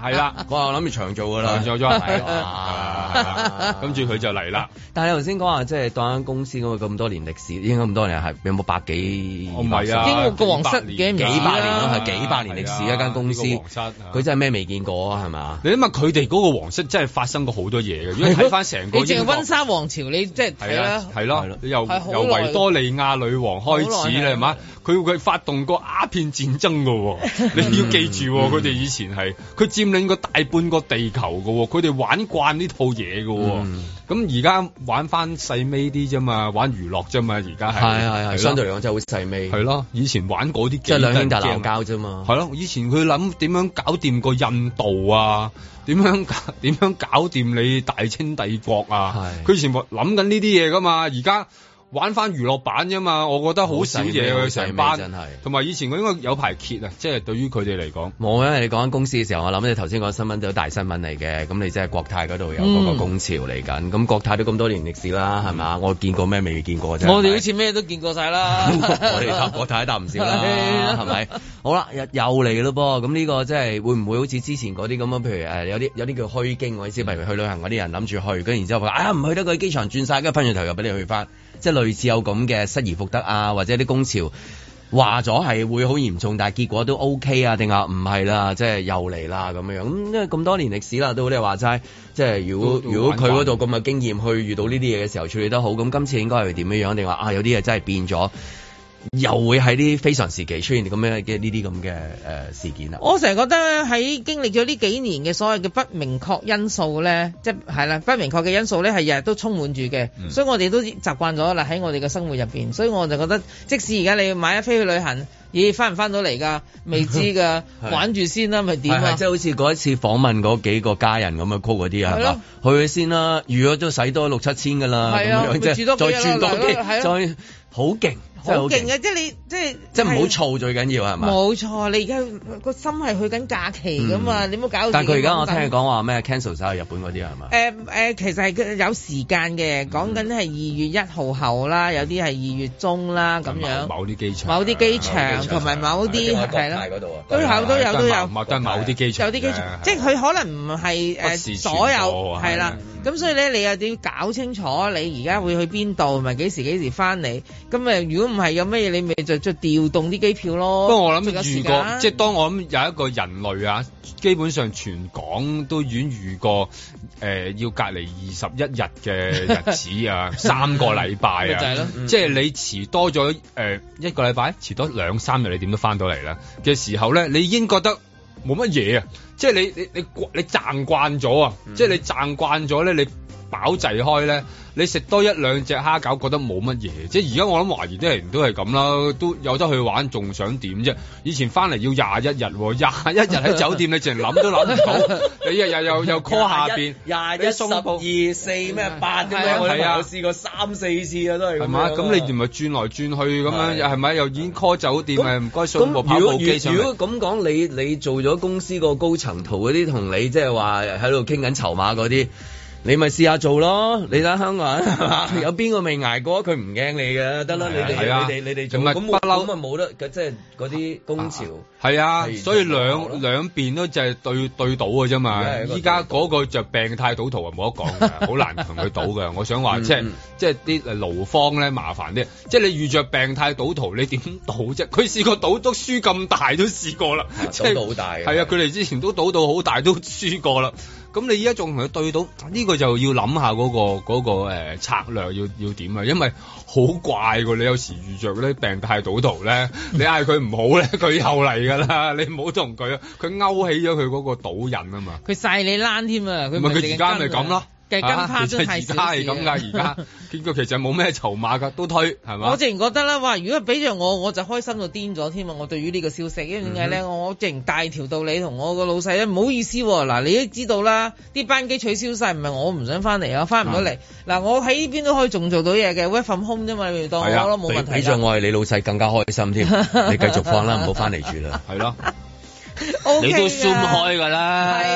係啦，我諗住長做噶啦，長做咗。係啊，跟住佢就嚟啦。但係你頭先講話，即係當間公司嗰個咁多年歷史，應該咁多年係有冇百幾？唔係啊，英國皇室幾百年啦，係幾百年歷史一間公司。皇室佢真係咩未見過啊？係嘛？你諗下佢哋嗰個皇室真係發生過好多嘢嘅。如果睇翻成個，你仲係溫莎王朝？你即係。係咯，係咯，你又了由維多利亞女王開始咧，係嘛？佢佢吧發動過鴉片戰爭噶喎、哦， 你要記住喎、哦，佢哋 以前係佢佔領過大半個地球噶喎、哦，佢哋玩慣呢套嘢噶喎。 咁而家玩翻細微啲啫嘛，玩娛樂啫嘛，而家係係係，相對嚟講真係好細微。係咯，以前玩嗰啲即係兩兄弟鬧交啫嘛。係咯，以前佢諗點樣搞掂個印度啊？點樣點樣搞掂你大清帝國啊？佢的以前話諗緊呢啲嘢㗎嘛，而家。玩翻娛樂版啫嘛，我覺得好少嘢嘅成班，真係同埋以前佢應該有排揭啊，即係對於佢哋嚟講。冇啊，你講緊公司嘅時候，我諗你頭先講新聞都有大新聞嚟嘅，咁你即係國泰嗰度有個個工潮嚟緊，咁國泰都咁多年歷史啦，係嘛？我見過咩未見過啫？我哋好似咩都見過晒啦，我哋搭國泰搭唔少啦，係咪？好啦，又嚟咯噃，咁呢個即係會唔會好似之前嗰啲咁樣？譬如有啲有啲叫虛驚嗰啲，譬如去旅行嗰啲人諗住去，跟住然之後話啊唔去得，佢機場轉晒。跟住翻轉頭又俾你去翻。即係類似有咁嘅失而復得啊，或者啲工潮話咗係會好嚴重，但係結果都 OK 啊？定話唔係啦，即係又嚟啦咁樣，咁因為咁多年歷史啦，都好你話齋，即係如果都如果佢嗰度咁嘅經驗去遇到呢啲嘢嘅時候處理得好，咁今次應該係點樣樣？定話啊有啲嘢真係變咗。又會喺啲非常時期出現咁樣嘅呢啲咁嘅誒事件啦。我成日覺得喺經歷咗呢幾年嘅所謂嘅不明確因素咧，即係啦，不明確嘅因素咧係日日都充滿住嘅，所以我哋都習慣咗啦喺我哋嘅生活入邊，所以我就覺得，即使而家你買一飛去旅行，咦，翻唔翻到嚟㗎？未知㗎，玩住先啦，咪點？即係好似嗰一次訪問嗰幾個家人咁樣，call 嗰啲係咪？去去先啦，預咗都使多六七千㗎啦，咁樣即係轉多啲，再好勁。好勁㗎，即係你，即係即係唔好躁最緊要係咪？冇錯，你而家個心係去緊假期噶嘛？你冇搞住。但係佢而家我聽佢講話咩？Cancel 晒去日本嗰啲係嘛？誒誒，其實係有時間嘅，講緊係二月一號後啦，有啲係二月中啦咁樣。某啲機場。某啲機場同埋某啲係咯。國泰嗰度啊，都有都有都有，都係某啲機場。有啲機場，即係佢可能唔係誒所有係啦。咁所以咧，你又點搞清楚？你而家會去邊度，咪埋幾時幾時翻嚟？咁咪如果唔係有咩嘢，你咪就再調動啲機票咯。不過我諗遇過，即係當我諗有一個人類啊，基本上全港都已經遇過誒、呃，要隔離二十一日嘅日子啊， 三個禮拜啊， 就嗯、即係你遲多咗誒、呃、一個禮拜，遲多兩三日你，你點都翻到嚟啦嘅時候咧，你已經覺得。冇乜嘢啊！即係你你你慣你賺慣咗啊！即係你賺慣咗咧，你。你你飽滯開咧，你食多一兩隻蝦餃，覺得冇乜嘢。即係而家我諗，懷疑啲人都係咁啦，都有得去玩，仲想點啫？以前翻嚟要廿一日，廿一日喺酒店， 你淨係諗都諗唔到，你日日又又 call 下邊，廿一日送二四咩八嘅，12, 4, 我咧我試過、 啊、三四次轉轉啊，都係。係嘛？咁你原咪轉來轉去咁樣，係咪又已經 call 酒店？唔該送部跑步機上嚟。如果咁講，你你做咗公司個高層，同嗰啲同你即係話喺度傾緊籌碼嗰啲。你咪試下做咯，你睇香港人，有邊個未捱過？佢唔驚你嘅。得啦，你哋你哋你哋仲唔係咁啊？冇得，即係嗰啲工潮係啊，所以兩兩邊都就係對對賭嘅啫嘛。依家嗰個着病態賭徒啊，冇得講，好難同佢賭嘅。我想話即係即係啲勞方咧，麻煩啲。即係你遇着病態賭徒，你點賭啫？佢試過賭都輸咁大，都試過啦，賭到好大。係啊，佢哋之前都賭到好大，都輸過啦。咁、嗯、你依家仲同佢對賭呢，這個就要諗下嗰、那個嗰、那個呃、策略要要點啊，因為好怪㗎，你有時遇著啲病態賭徒咧，你嗌佢唔好咧，佢又嚟㗎啦，你唔好同佢啊，佢勾起咗佢嗰個賭癮啊嘛，佢曬你攣添啊，佢唔係，佢而家咪咁咯。嘅跟拍都太咁噶，而家結果其實冇咩 籌碼噶，都推係嘛？我竟然覺得咧，哇！如果俾着我，我就開心到癲咗添啊！我對於呢個消息，因為點解咧？嗯、哼我竟然大條道理同我個老細咧，唔好意思喎、啊，嗱，你都知道啦，啲班機取消晒，唔係我唔想翻嚟啊，翻唔到嚟。嗱，我喺呢、嗯、邊都可以仲做到嘢嘅，work from home 啫嘛，我你當我咯冇、啊、問題、啊。俾着我係你老細更加開心添， 你繼續放啦，唔好翻嚟住啦，係咯。Okay、你都 Zoom 開㗎啦，是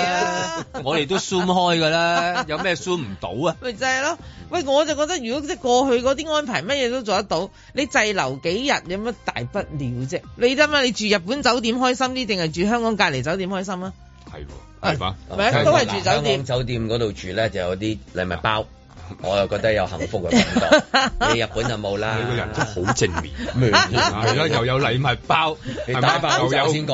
啊、 我哋都 Zoom 開㗎啦，有咩 Zoom 唔到啊？咪 就係咯，喂，我就覺得如果即係過去嗰啲安排，乜嘢都做得到，你滯留幾日有乜大不了啫？你得咩？你住日本酒店開心啲，定係住香港隔離酒店開心啊？係喎的，係嘛吧？都係住酒店。香港酒店嗰度住咧就有啲禮物包。我又覺得有幸福嘅感覺，你日本就冇啦。你個人都好正面，咩啦？又有禮物包，你打包又有，又有又有新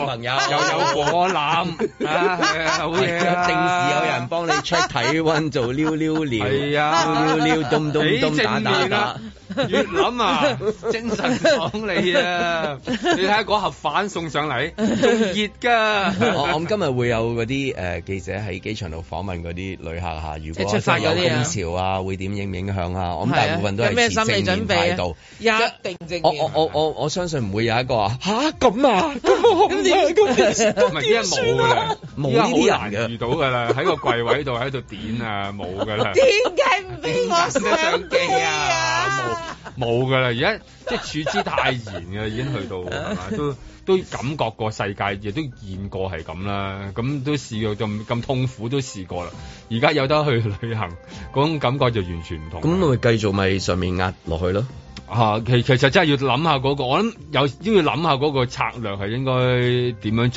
朋友，又有果籃，係啊，好嘢啊！定時有人幫你 check 體温，做溜溜尿，係啊，溜，尿咚咚咚打打打。 越諗啊，精神爽利啊！你睇下嗰盒飯送上嚟，仲熱噶。我我今日會有嗰啲誒記者喺機場度訪問嗰啲旅客吓，如果真有工潮啊，會點影影響啊？我咁大部分都係持正面態度，啊、咩心理準備？一定正面。我我我我我相信唔會有一個啊。吓咁啊？咁、啊、 今日咁點？都冇噶啦，冇呢啲人嘅，遇到噶啦，喺個櫃位度喺度點啊，冇噶啦。點解唔俾我開相機啊？冇噶啦，而家即係處置太嚴嘅，已經去到，係咪？都都感覺個世界亦都見過係咁啦，咁都試過咁咁痛苦都試過啦。而家有得去旅行，嗰種感覺就完全唔同。咁咪繼續咪上面壓落去咯？吓，啊，其實其實真係要諗下嗰個，我諗有都要諗下嗰個策略係應該點樣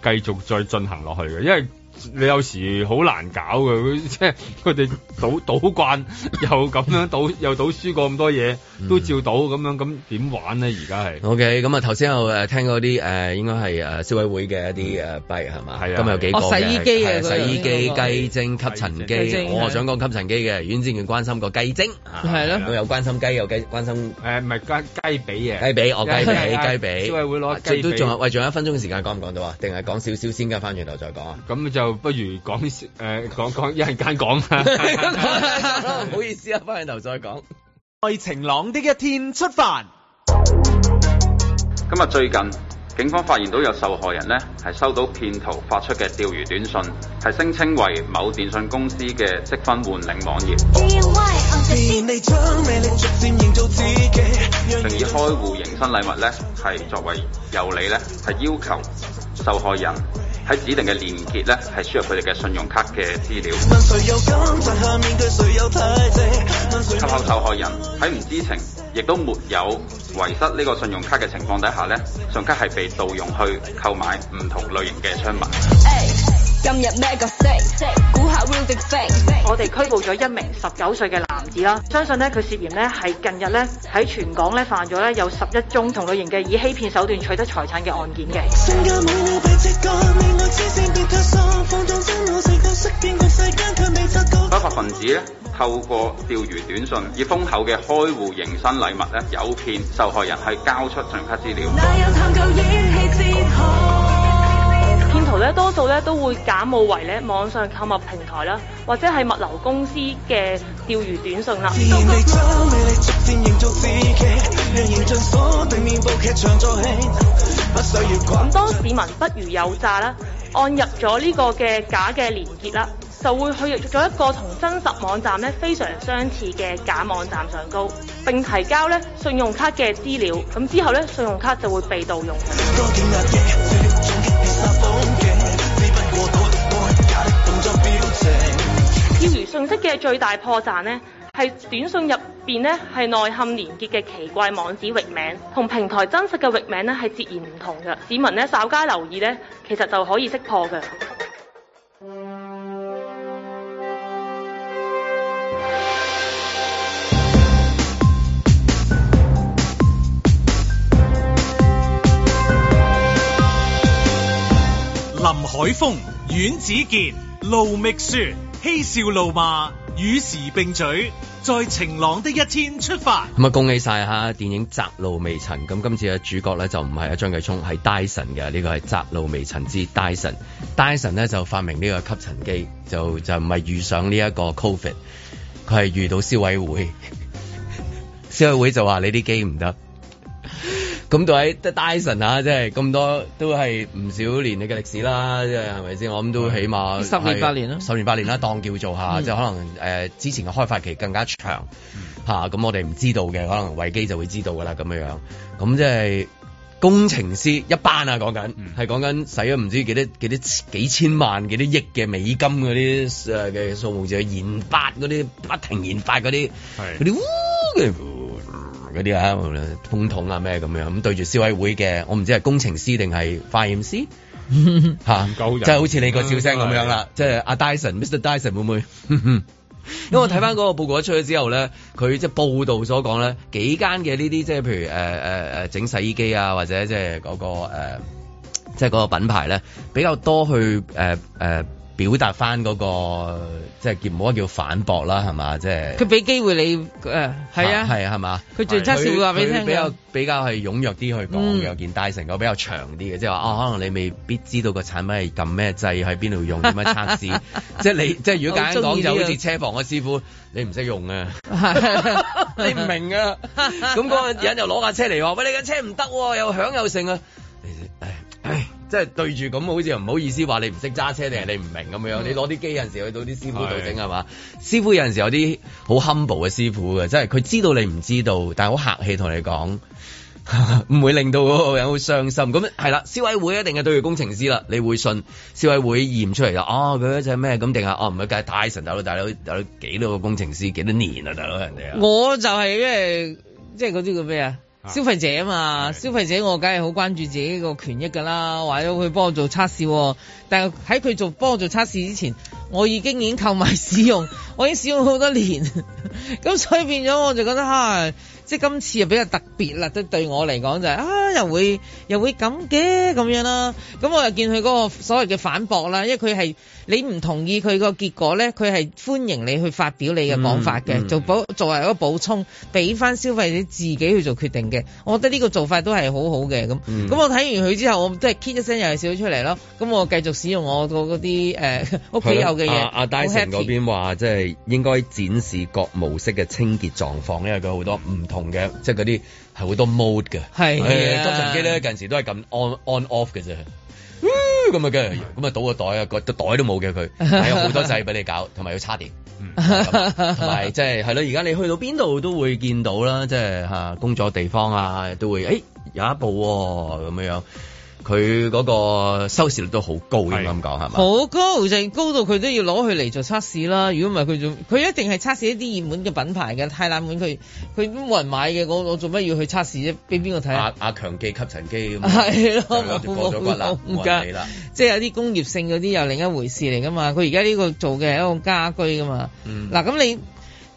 再繼續再進行落去嘅，因為。你有時好難搞㗎，佢即係佢哋賭賭慣，又咁樣賭，又賭輸過咁多嘢，都照賭咁樣，咁點玩呢？而家係。OK，咁啊頭先有誒聽嗰啲誒應該係誒消委會嘅一啲誒幣係嘛？係啊，今日有幾個嘅。哦，洗衣機啊，洗衣機、雞精、吸塵機。我想講吸塵機嘅，阮志遠關心過雞精。係咯。佢有關心雞，有雞關心誒，唔係雞雞髀嘅，雞髀我雞髀雞髀。消委會攞雞髀。最多仲係為仲有一分鐘嘅時間，講唔講到啊？定係講少少先，跟住翻轉頭再講啊？咁就。就、 嗯、不如講先，誒、講，講一陣間講，唔好意思啊，翻去頭再講，在晴朗的一天出發。今日最近警方發現到有受害人咧係收到騙徒發出嘅釣魚短信，係聲稱為某電信公司嘅積分換領網頁，並 以開戶迎新禮物咧係作為誘餌咧，係要求受害人，喺指定嘅連結咧，係輸入佢哋嘅信用卡嘅資料。問下面對問吸口受害人喺唔知情，亦都沒有遺失呢個信用卡嘅情況底下咧，信用卡係被盜用去購買唔同類型嘅商品。Hey! 我哋拘捕咗一名十九歲嘅男子啦，相信咧佢涉嫌咧係近日咧喺全港咧犯咗咧有十一宗同類型嘅以欺騙手段取得財產嘅案件嘅。不法分子咧透過釣魚短信，以豐厚嘅開戶迎新禮物咧誘騙受害人係交出信用卡資料。咧多數咧都會假冒為咧網上購物平台啦，或者係物流公司嘅釣魚短信啦。當市民不如有詐啦，按入咗呢個嘅假嘅連結啦，就會去入咗一個同真實網站咧非常相似嘅假網站上高，並提交咧信用卡嘅資料，咁之後咧信用卡就會被盜用。釣魚信息嘅最大破綻呢，係短信入邊呢，係內含連結嘅奇怪網址域名，同平台真實嘅域名呢，係截然唔同嘅。市民呢，稍加留意呢，其實就可以識破嘅。林海峰、阮子健、盧覓雪。嬉笑怒罵與時並嘴，在晴朗的一天出發。咁啊，恭喜晒嚇！電影《窄路微塵》咁，今次嘅主角咧就唔係啊張繼聰，係戴森嘅。呢、呢個係《窄路微塵》之 Dyson。戴森。戴森咧就發明，呢個吸塵機，就就唔係遇上呢一個 Covid，佢係遇到消委會，消 委會就話你啲機唔得。咁到喺 The Dyson 啊，即係咁多都係唔少年嘅歷史啦，即係係咪先？我諗都起碼十年八年啦，十年八年啦，當叫做吓，即係可能誒、呃、之前嘅開發期更加長吓。咁、嗯啊、我哋唔知道嘅，可能維基就會知道㗎喇咁樣。咁即係工程師一班啊，講緊係講、嗯、緊使咗唔知幾多幾多幾千萬幾多億嘅美金嗰啲誒嘅數目字去研發嗰啲不停研發嗰啲啲嗰啲啊，風筒啊咩咁樣，咁、嗯、對住消委會嘅，我唔知係工程師定係化驗師吓，即係好似你個笑聲咁樣啦，即係阿戴森，Mr. 戴森會唔會？因為我睇翻嗰個報告出咗之後咧，佢即係報道所講咧，幾間嘅呢啲即係譬如誒誒誒整洗衣機啊，或者即係嗰個誒、呃，即係嗰個品牌咧比較多去誒誒。呃呃呃表達翻，那、嗰個即係叫乜叫反駁啦，係嘛？即係佢俾機會你誒，係、呃、啊，係啊，係嘛？佢最測試話俾你聽比，比較比較係踴躍啲去講嘅，有件帶成個比較長啲嘅，即係話哦，可能你未必知道個產品係撳咩掣，喺邊度用點樣測試， 即係你即係如果簡單講就好似車房嘅師傅，你唔識用啊， 你唔明啊，咁 嗰個人又攞架車嚟話，喂，你架車唔得喎，又響又成啊！即係對住咁，好似又唔好意思話你唔識揸車定係你唔明咁樣。你攞啲機有陣時去到啲師傅度整係嘛？師傅有陣時有啲好 humble 嘅師傅嘅，即係佢知道你唔知道，但係好客氣同你講，唔 會令到嗰個人好傷心。咁係啦，消委會一定係對住工程師啦。你會信消委會，會驗出嚟啦？哦、啊，佢嗰隻咩咁定係？哦、啊，唔係計泰神大佬大佬有幾多個工程師，幾多年啊大佬人哋？我就係、是、咩？即係嗰啲叫咩啊？消費者啊嘛，的消費者我梗係好關注自己個權益㗎啦，或者佢幫我做測試喎，但係喺佢做幫我做測試之前，我已經已經購買使用， 我已經使用好多年，咁 所以變咗我就覺得嚇。 Hi, 即係今次又比較特別啦，對對我嚟講就係、是、啊，又會又會咁嘅咁樣啦。咁、啊嗯、我又見佢嗰個所謂嘅反駁啦，因為佢係你唔同意佢個結果咧，佢係歡迎你去發表你嘅講法嘅，做補、嗯嗯、作為一個補充，俾翻消費者自己去做決定嘅。我覺得呢個做法都係好好嘅。咁、嗯、咁、嗯嗯、我睇完佢之後，我即係 k i 一聲又係笑出嚟咯。咁我繼續使用我嗰啲誒屋企有嘅嘢。阿阿、啊啊啊、大成嗰邊話即係應該展示各模式嘅清潔狀況，因為佢好多唔。同嘅，即係嗰啲係好多 mode 嘅，係吸塵機咧，近陣時都係咁 on on off 嘅啫，咁啊嘅，咁啊倒個袋啊，個袋都冇嘅佢，係有好多掣俾你搞，同埋 要叉電，同埋即係係咯，而家、就是、你去到邊度都會見到啦，即係嚇工作地方啊，都會，哎、欸、有一部咁、哦、樣。佢嗰個收視率都好高，咁講係咪？好高就高到佢都要攞去嚟做測試啦。如果唔係佢做，佢一定係測試一啲熱門嘅品牌嘅。太冷門，佢佢都冇人買嘅。我做乜要去測試啫？俾邊個睇？阿阿、啊啊、強記吸塵機咁係咯，過咗關啦，唔理啦。即係有啲工業性嗰啲又另一回事嚟噶嘛。佢而家呢個做嘅係一個家居噶嘛。嗱咁你。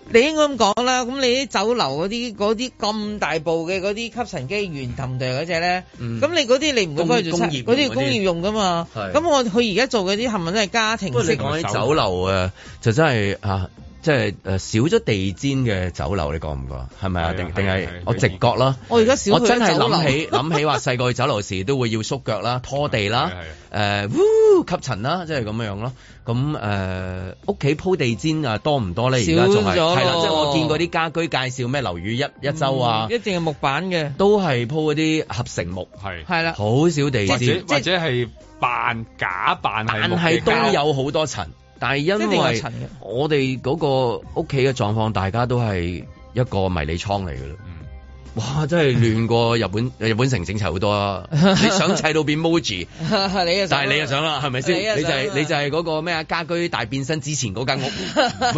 你應該咁講啦，咁你啲酒樓嗰啲嗰啲咁大部嘅嗰啲吸塵機，原氹代嗰隻咧，咁你嗰啲你唔會開做出，嗰啲工，工業用噶嘛。咁是我佢而家做嗰啲係咪都係家庭式？不過酒樓啊，就真係啊。即係誒少咗地氈嘅酒樓，你覺唔覺？係咪啊？定定係我直覺咯。我而家少，我真係諗起諗起話細個去酒樓時都會要縮腳啦、拖地啦、誒，吸塵啦，即係咁樣樣咯。咁誒，屋企鋪地氈啊多唔多咧？而家仲係啦，即係我見嗰啲家居介紹咩樓宇一一周啊，一定係木板嘅，都係鋪嗰啲合成木，係係啦，好少地氈，或者或者係扮假扮係木嘅。但係都有好多塵。但係因為我哋嗰個屋企嘅狀況，大家都係一個迷你倉嚟嘅啦。哇！真係亂過日本 日本城整齊好多，你想砌到變 Muji 想，但你但係 你又想啦，係咪先？你就係、是、 你就係嗰個咩啊？家居大變身之前嗰間屋，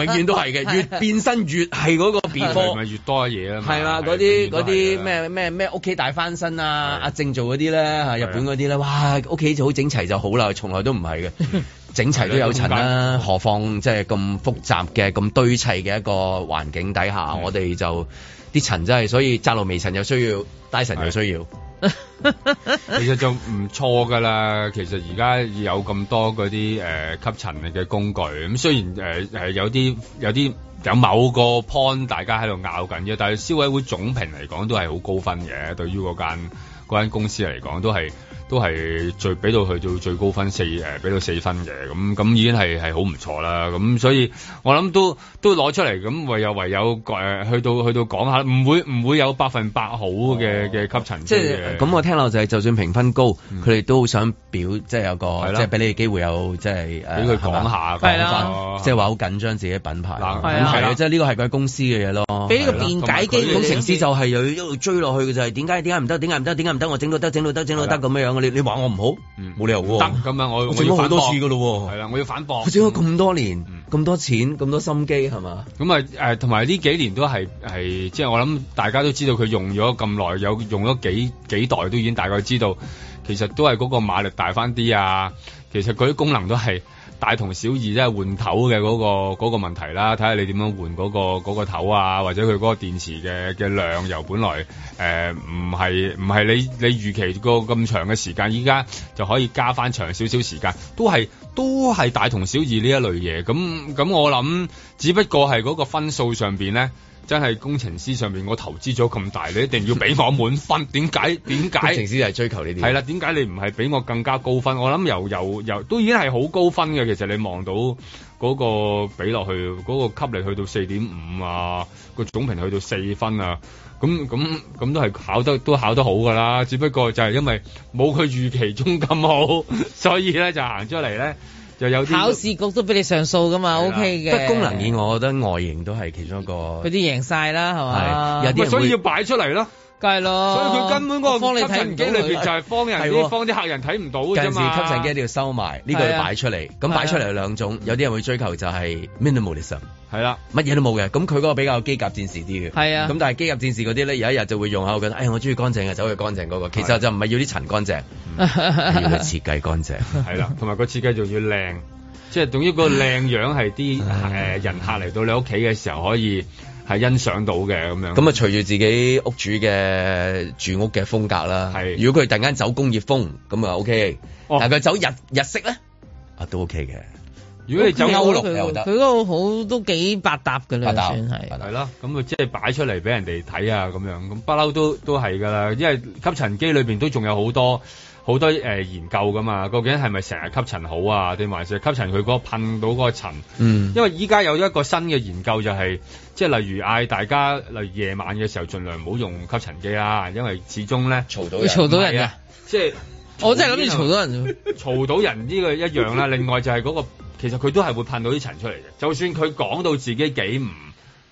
永遠都係嘅。越變身越係嗰個 before，咪越多嘢啦。係啦、啊，嗰啲嗰啲咩咩咩屋企大翻身啊，阿正做嗰啲咧，日本嗰啲咧，哇！屋企就好整齊就好啦，從來都唔係嘅。 整齊都有塵啦、啊，何況即係咁複雜嘅、咁堆砌嘅一個環境底下，的我哋就啲塵真係，所以揸落微塵需的又需要，帶塵又需要。其實就唔錯噶啦，其實而家有咁多嗰啲誒吸塵嘅工具，咁雖然誒誒、呃、有啲有啲有某個 point 大家喺度拗緊嘅，但係消委會總評嚟講都係好高分嘅，對於嗰間嗰間公司嚟講都係。都係最俾到去到最高分四誒，俾到四分嘅咁咁已經係係好唔錯啦。咁所以我諗都都攞出嚟咁，唯有唯有誒去到去到講下，唔會唔會有百分百好嘅嘅吸塵。即係咁，我聽落就係就算評分高，佢哋都好想表，即係有個即係俾你嘅機會有即係俾佢講下講翻，即係話好緊張自己嘅品牌。係即係呢個係佢公司嘅嘢咯。俾呢個辯解機，咁成思就係要一路追落去嘅就係點解點解唔得？點解唔得？點解唔得？我整到得，整到得，整到得咁嘅樣。你你話我唔好，冇、嗯、理由喎。得咁樣！我我要反多次噶咯喎。係啦，我要反駁。佢整咗咁多年，咁、嗯、多錢，咁、嗯、多心機，係嘛？咁啊誒，同埋呢幾年都係係，即係、就是、我諗大家都知道佢用咗咁耐，有用咗幾幾代都已經大概知道，其實都係嗰個馬力大翻啲啊！其實嗰啲功能都係。大同小異，即係換頭嘅嗰個嗰個問題啦，睇下你點樣換嗰個嗰個頭啊，或者佢嗰個電池嘅嘅量由本來誒唔係唔係你你預期個咁長嘅時間，依家就可以加返長少少時間，都係都係大同小異呢一類嘢。咁咁我諗，只不過係嗰個分數上邊咧。真係工程師上面我投資咗咁大，你一定要俾我滿分。點解？點解？ 工程師係追求呢啲。係啦，點解你唔係俾我更加高分？我諗又又又，都已經係好高分嘅。其實你望到嗰個俾落去嗰個級，你去到四點五啊，個總評去到四分啊。咁咁咁都係考得都考得好㗎啦。只不過就係因為冇佢預期中咁好，所以咧就行出嚟咧。就有啲考試局都俾你上訴噶嘛的，OK 嘅的。不過功能以外，我覺得外形都係其中一個，佢啲贏晒啦，係咪的？係的。唔係，所以要擺出嚟咯。梗係咯，所以佢根本嗰個吸塵機裏邊就係方人，方啲客人睇唔到嘅，嘛、 啊。暫時吸塵機一定要收埋，呢、這個要擺出嚟。咁擺、啊、出嚟有兩種，啊、有啲人會追求就係 minimalism，係啦、啊，乜嘢都冇嘅。咁佢嗰個比較機甲戰士啲嘅，係啊。咁但係機甲戰士嗰啲咧，有一日就會用下，我覺得，哎，我中意乾淨嘅，走去乾淨嗰個。其實就唔係要啲塵乾淨，要係設計乾淨。係啦、啊，同埋個設計仲要靚，即係仲要個靚樣係啲誒人客嚟到你屋企嘅時候可以。係欣賞到嘅咁樣，咁啊隨住自己屋主嘅住屋嘅風格啦。係是，如果佢突然間走工業風，咁啊 OK。哦，但係佢走日日式咧，啊都 OK 嘅。如果你走歐陸佢嗰好都幾百搭㗎啦。百搭係，係咯是。咁啊搭，即係擺出嚟俾人哋睇啊咁樣，咁不嬲都都係㗎啦。因為吸塵機裏邊都仲有好多。好多誒、呃、研究㗎嘛，究竟係咪成日吸塵好啊？定還是吸塵佢嗰個噴到嗰個塵？嗯，因為依家有一個新嘅研究就係、是，即係例如嗌大家，例如夜晚嘅時候盡量唔好用吸塵機啊，因為始終咧嘈到嘈、啊、到人啊！即係我真係諗住嘈到人，嘈到人呢個一樣啦。另外就係嗰、那個，其實佢都係會噴到啲塵出嚟嘅，就算佢講到自己幾唔。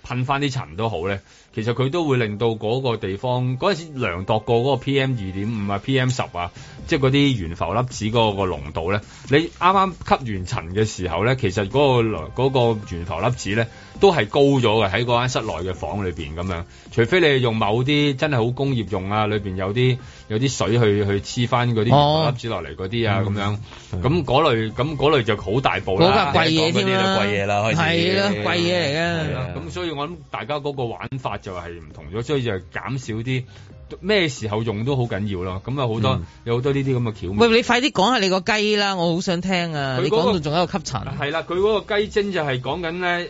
噴翻啲塵都好咧，其實佢都會令到嗰個地方嗰陣時量度過嗰個 PM 二點五啊、PM 十啊，即係嗰啲懸浮粒子嗰個濃度咧。你啱啱吸完塵嘅時候咧，其實嗰個嗰個懸浮粒子咧都係高咗嘅喺嗰間室內嘅房裏邊咁樣，除非你係用某啲真係好工業用啊，裏邊有啲。有啲水去去黐翻嗰啲玉粒子落嚟嗰啲啊，咁樣咁嗰類咁嗰類就好大部啦。嗰架貴嘢添啦，係啦，貴嘢嚟嘅。咁所以我諗大家嗰個玩法就係唔同咗，所以就減少啲咩時候用都好緊要咯。咁啊，好多有好多呢啲咁嘅竅。喂，你快啲講下你個雞啦，我好想聽啊！你講到仲有一個吸塵。係啦，佢嗰個雞精就係講緊咧，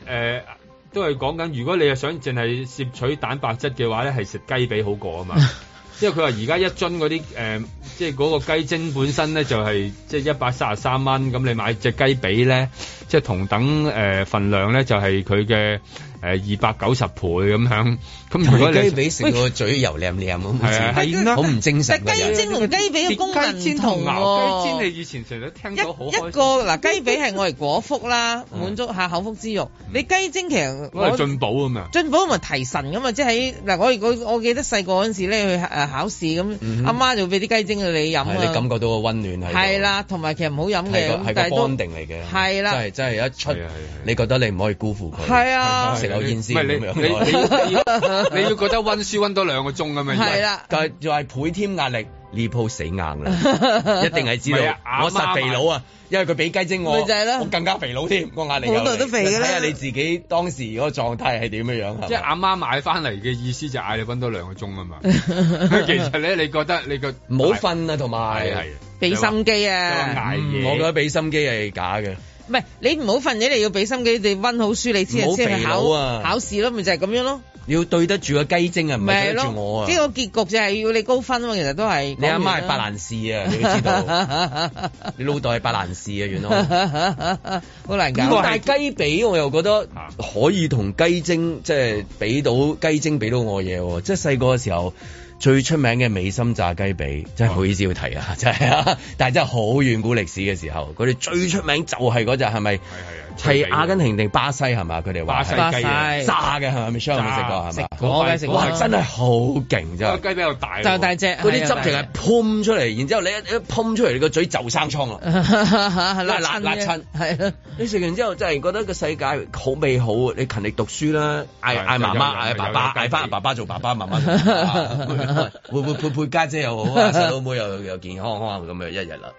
誒，都係講緊，如果你係想淨係攝取蛋白質嘅話咧，係食雞髀好過啊嘛。因為佢話而家一樽嗰啲誒，即係嗰個雞精本身咧，就係即係一百三十三蚊。咁你買隻雞髀咧，即係同等誒份量咧就係佢嘅。誒二百九十倍咁樣，咁如果你雞髀成個嘴油靚靚咁，係啊係啦，好唔正常。嘅雞精同雞髀嘅功能唔同喎。你以前成日聽一個嗱，雞髀係我哋果腹啦，滿足下口腹之欲。你雞精其實我係進補咁啊，進補同提神咁嘛？即係嗱，我我我記得細個嗰陣時咧去誒考試咁，阿媽就會俾啲雞精你飲，你感覺到個温暖係。係啦，同埋其實唔好飲嘅，係個安定嚟嘅，係啦，真係真係一出，你覺得你唔可以辜負佢。係啊。唔係你你你你要覺得温書温多兩個鐘咁樣，係啦，就係就係倍添壓力，呢鋪死硬啦，一定係知道。我實肥佬啊，因為佢俾雞精我，我更加肥佬添，我壓力。好多都肥咧。睇下你自己當時嗰個狀態係點樣？即係阿媽買翻嚟嘅意思就嗌你温多兩個鐘啊嘛。其實咧，你覺得你個唔好瞓啊，同埋俾心機啊。我覺得俾心機係假嘅。唔係你唔好瞓你你要俾心機，你温好書，你先先考、啊、考試咯，咪就係、係、咁樣咯。你要對得住個雞精啊，唔係對得住我啊。呢個結局就係要你高分喎，其實都係。你阿媽係白蘭氏啊，你要知道。 你老豆係白蘭氏啊，原來好 難搞。但係雞髀我又覺得可以同雞精即係俾到雞精俾到我嘢喎，即係細個嘅時候。最出名嘅美心炸雞髀，哇真係好意思要提啊！真係啊，但係真係好遠古歷史嘅時候，佢哋最出名就係只，係咪？係係啊。係阿根廷定巴西係咪？佢哋話巴西雞炸嘅係咪？未食過係咪？我嘅食哇，真係好勁真係。嗰雞比較大，大大隻。嗰啲汁淨係噴出嚟，然之後你一一噴出嚟，你個嘴就生瘡啦。辣辣辣親係。你食完之後真係覺得個世界好美好啊！你勤力讀書啦，嗌嗌媽媽，嗌爸爸，嗌翻爸爸做爸爸，媽媽會會陪陪家姐又好，細佬妹又又健康康咁樣一日啦。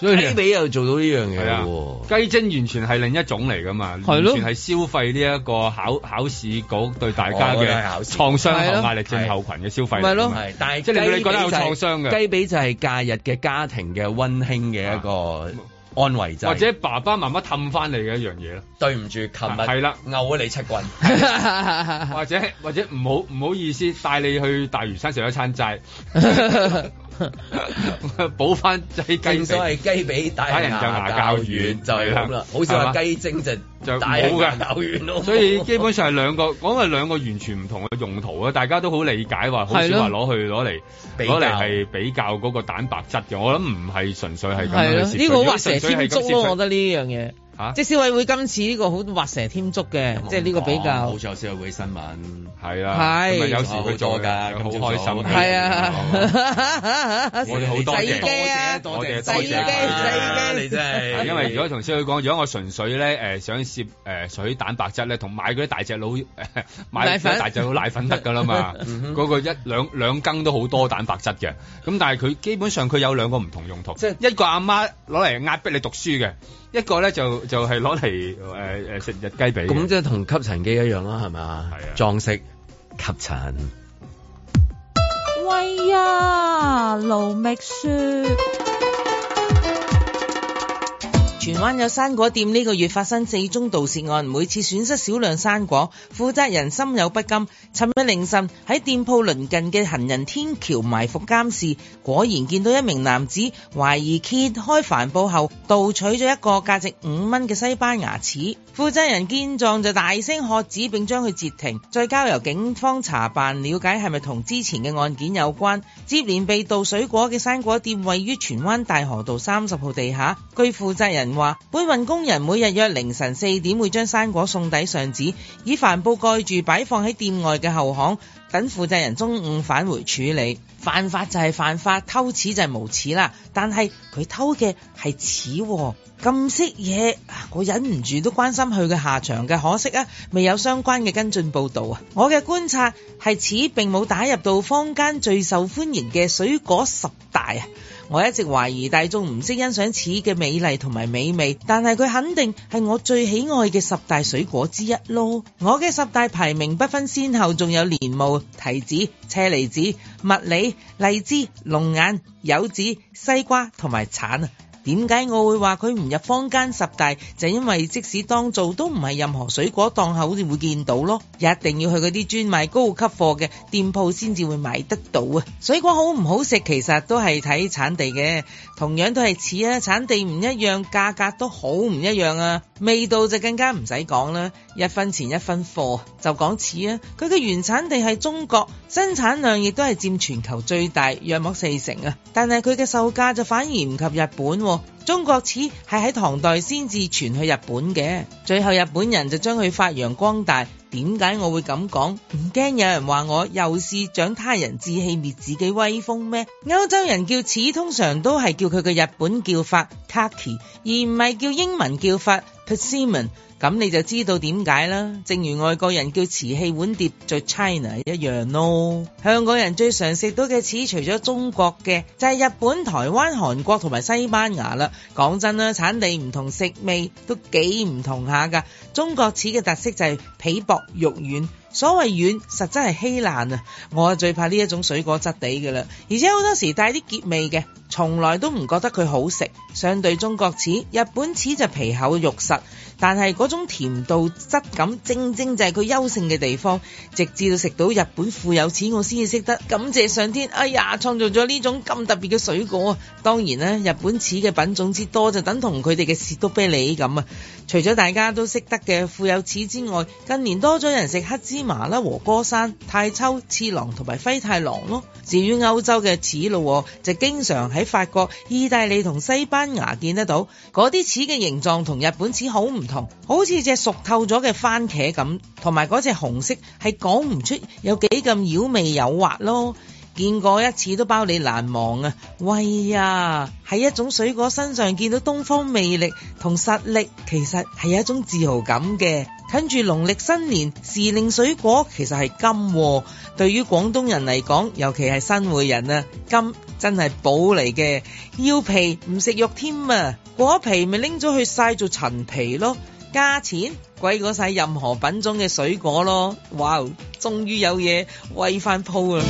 雞髀又做到呢樣嘢啊！雞精完全係另一種嚟噶嘛，的完全係消費呢一個考考試局對大家嘅創傷後壓力症候群嘅消費。係咯，係。但係雞髀就雞、是、髀就係、是、假日嘅家庭嘅温馨嘅一個安慰劑、啊，或者爸爸媽媽氹翻你嘅一樣嘢咯。對唔住，琴日係啦，毆咗你七棍，或者或者唔好唔好意思，帶你去大嶼山食一餐齋。 補翻 雞雞精，所謂雞髀大，打人牙打人牙鉸軟就係啦，吧好少話雞精就就打牙鉸軟咯。吧所以基本上係兩個，講係兩個完全唔同嘅用途啊！大家都好理解話，好少話攞去攞嚟攞嚟係比較嗰個蛋白質嘅。我諗唔係純粹係咁樣呢，這個畫蛇添足咯，我覺得呢樣嘢。即係消委會今次呢個好畫蛇添足嘅，即係呢個比較。冇錯，消委會新聞係啊，係有時會做㗎，好開心。係啊，我哋好多謝，多謝，多謝，多謝，多謝你真係。因為如果同消委會講，如果我純粹咧誒想攝誒水蛋白質咧，同買嗰啲大隻佬誒買大隻佬奶粉得㗎啦嘛。嗰個一兩兩羹都好多蛋白質嘅。咁但係佢基本上佢有兩個唔同用途。即係一個阿媽攞嚟壓迫你讀書嘅，一個咧就。就係攞嚟誒誒食日雞髀，咁即係同吸塵機一樣啦，係嘛？係啊、裝飾吸塵。喂啊，盧覓雪。荃灣有水果店呢個月發生四宗盜竊案，每次損失少量水果，負責人心有不甘，尋日凌晨喺店鋪鄰近嘅行人天橋埋伏監視，果然見到一名男子懷疑揭開帆布後盜取咗一個價值五蚊嘅西班牙匙，負責人見狀就大聲喝止，並將佢截停，再交由警方查辦，了解係咪同之前嘅案件有關。接連被盜水果嘅水果店位於荃灣大河道三十號地下，據負責人，話搬運工人每日約凌晨四點會將生果送抵上址，以帆布蓋住擺放喺店外嘅後巷，等負責人中午返回處理。犯法就係犯法，偷恥就係無恥啦。但係佢偷嘅係恥咁識嘢，我忍唔住都關心佢嘅下場嘅。可惜啊，未有相關嘅跟進報道啊。我嘅觀察係恥並冇打入到坊間最受歡迎嘅水果十大啊。我一直懷疑大眾唔識欣賞此嘅美麗同埋美味，但係佢肯定係我最喜愛嘅十大水果之一咯。我嘅十大排名不分先後，仲有蓮霧、提子、車厘子、蜜李、荔枝、龍眼、柚子、西瓜同埋橙。點解我會話佢唔入坊間十大？就因為即使當造都唔係任何水果檔口好似會見到咯，一定要去嗰啲專賣高級貨嘅店鋪先至會買得到啊！水果好唔好食，其實都係睇產地嘅，同樣都係似啊，產地唔一樣，價格都好唔一樣啊！味道就更加唔使講啦，一分錢一分貨。就講似啊，佢嘅原產地係中國，生產量亦都係佔全球最大，約莫四成啊，但係佢嘅售價就反而唔及日本。中國柿係喺唐代先至傳去日本嘅，最後日本人就將佢發揚光大。點解我會咁講？唔驚有人話我又是長他人志氣滅自己威風咩？歐洲人叫柿通常都係叫佢嘅日本叫法 kaki，而唔係叫英文叫法 persimmon。咁你就知道點解啦，正如外國人叫瓷器碗碟作 China 一樣咯。香港人最常食到嘅柿，除咗中國嘅，就係、是、日本、台灣、韓國同埋西班牙啦。講真啦，產地唔同，食味都幾唔同下噶。中國柿嘅特色就係、是。皮薄肉軟，所謂軟實質係稀爛啊！我最怕呢一種水果質地㗎啦，而且好多時帶啲澀味嘅，從來都唔覺得佢好食。相對中國柿、日本柿就皮厚肉實，但係嗰種甜度質感，正正就係佢優勝嘅地方。直至到食到日本富有柿，我先至識得感謝上天，哎呀，創造咗呢種咁特別嘅水果啊！當然咧，日本柿嘅品種之多就等同佢哋嘅士多啤梨咁啊！除咗大家都識得嘅富有柿之外，近年多咗人食黑芝麻啦，和歌山、太秋、次郎同埋輝太郎咯。至於歐洲嘅柿咯，就經常喺法國、意大利同西班牙見得到。嗰啲柿嘅形狀同日本柿好唔同，好似隻熟透咗嘅番茄咁，同埋嗰隻紅色係講唔出有幾咁妖味誘惑咯。見過一次都包你難忘啊！喂呀，喺一種水果身上見到東方魅力同實力，其實係有一種自豪感嘅。近住農曆新年，時令水果其實係金喎。對於廣東人嚟講，尤其係新會人啊，金真係寶嚟嘅。要皮唔食肉添啊，果皮咪拎咗去曬做陳皮咯，價錢貴過晒任何品種嘅水果咯。哇，終於有嘢威翻鋪啦！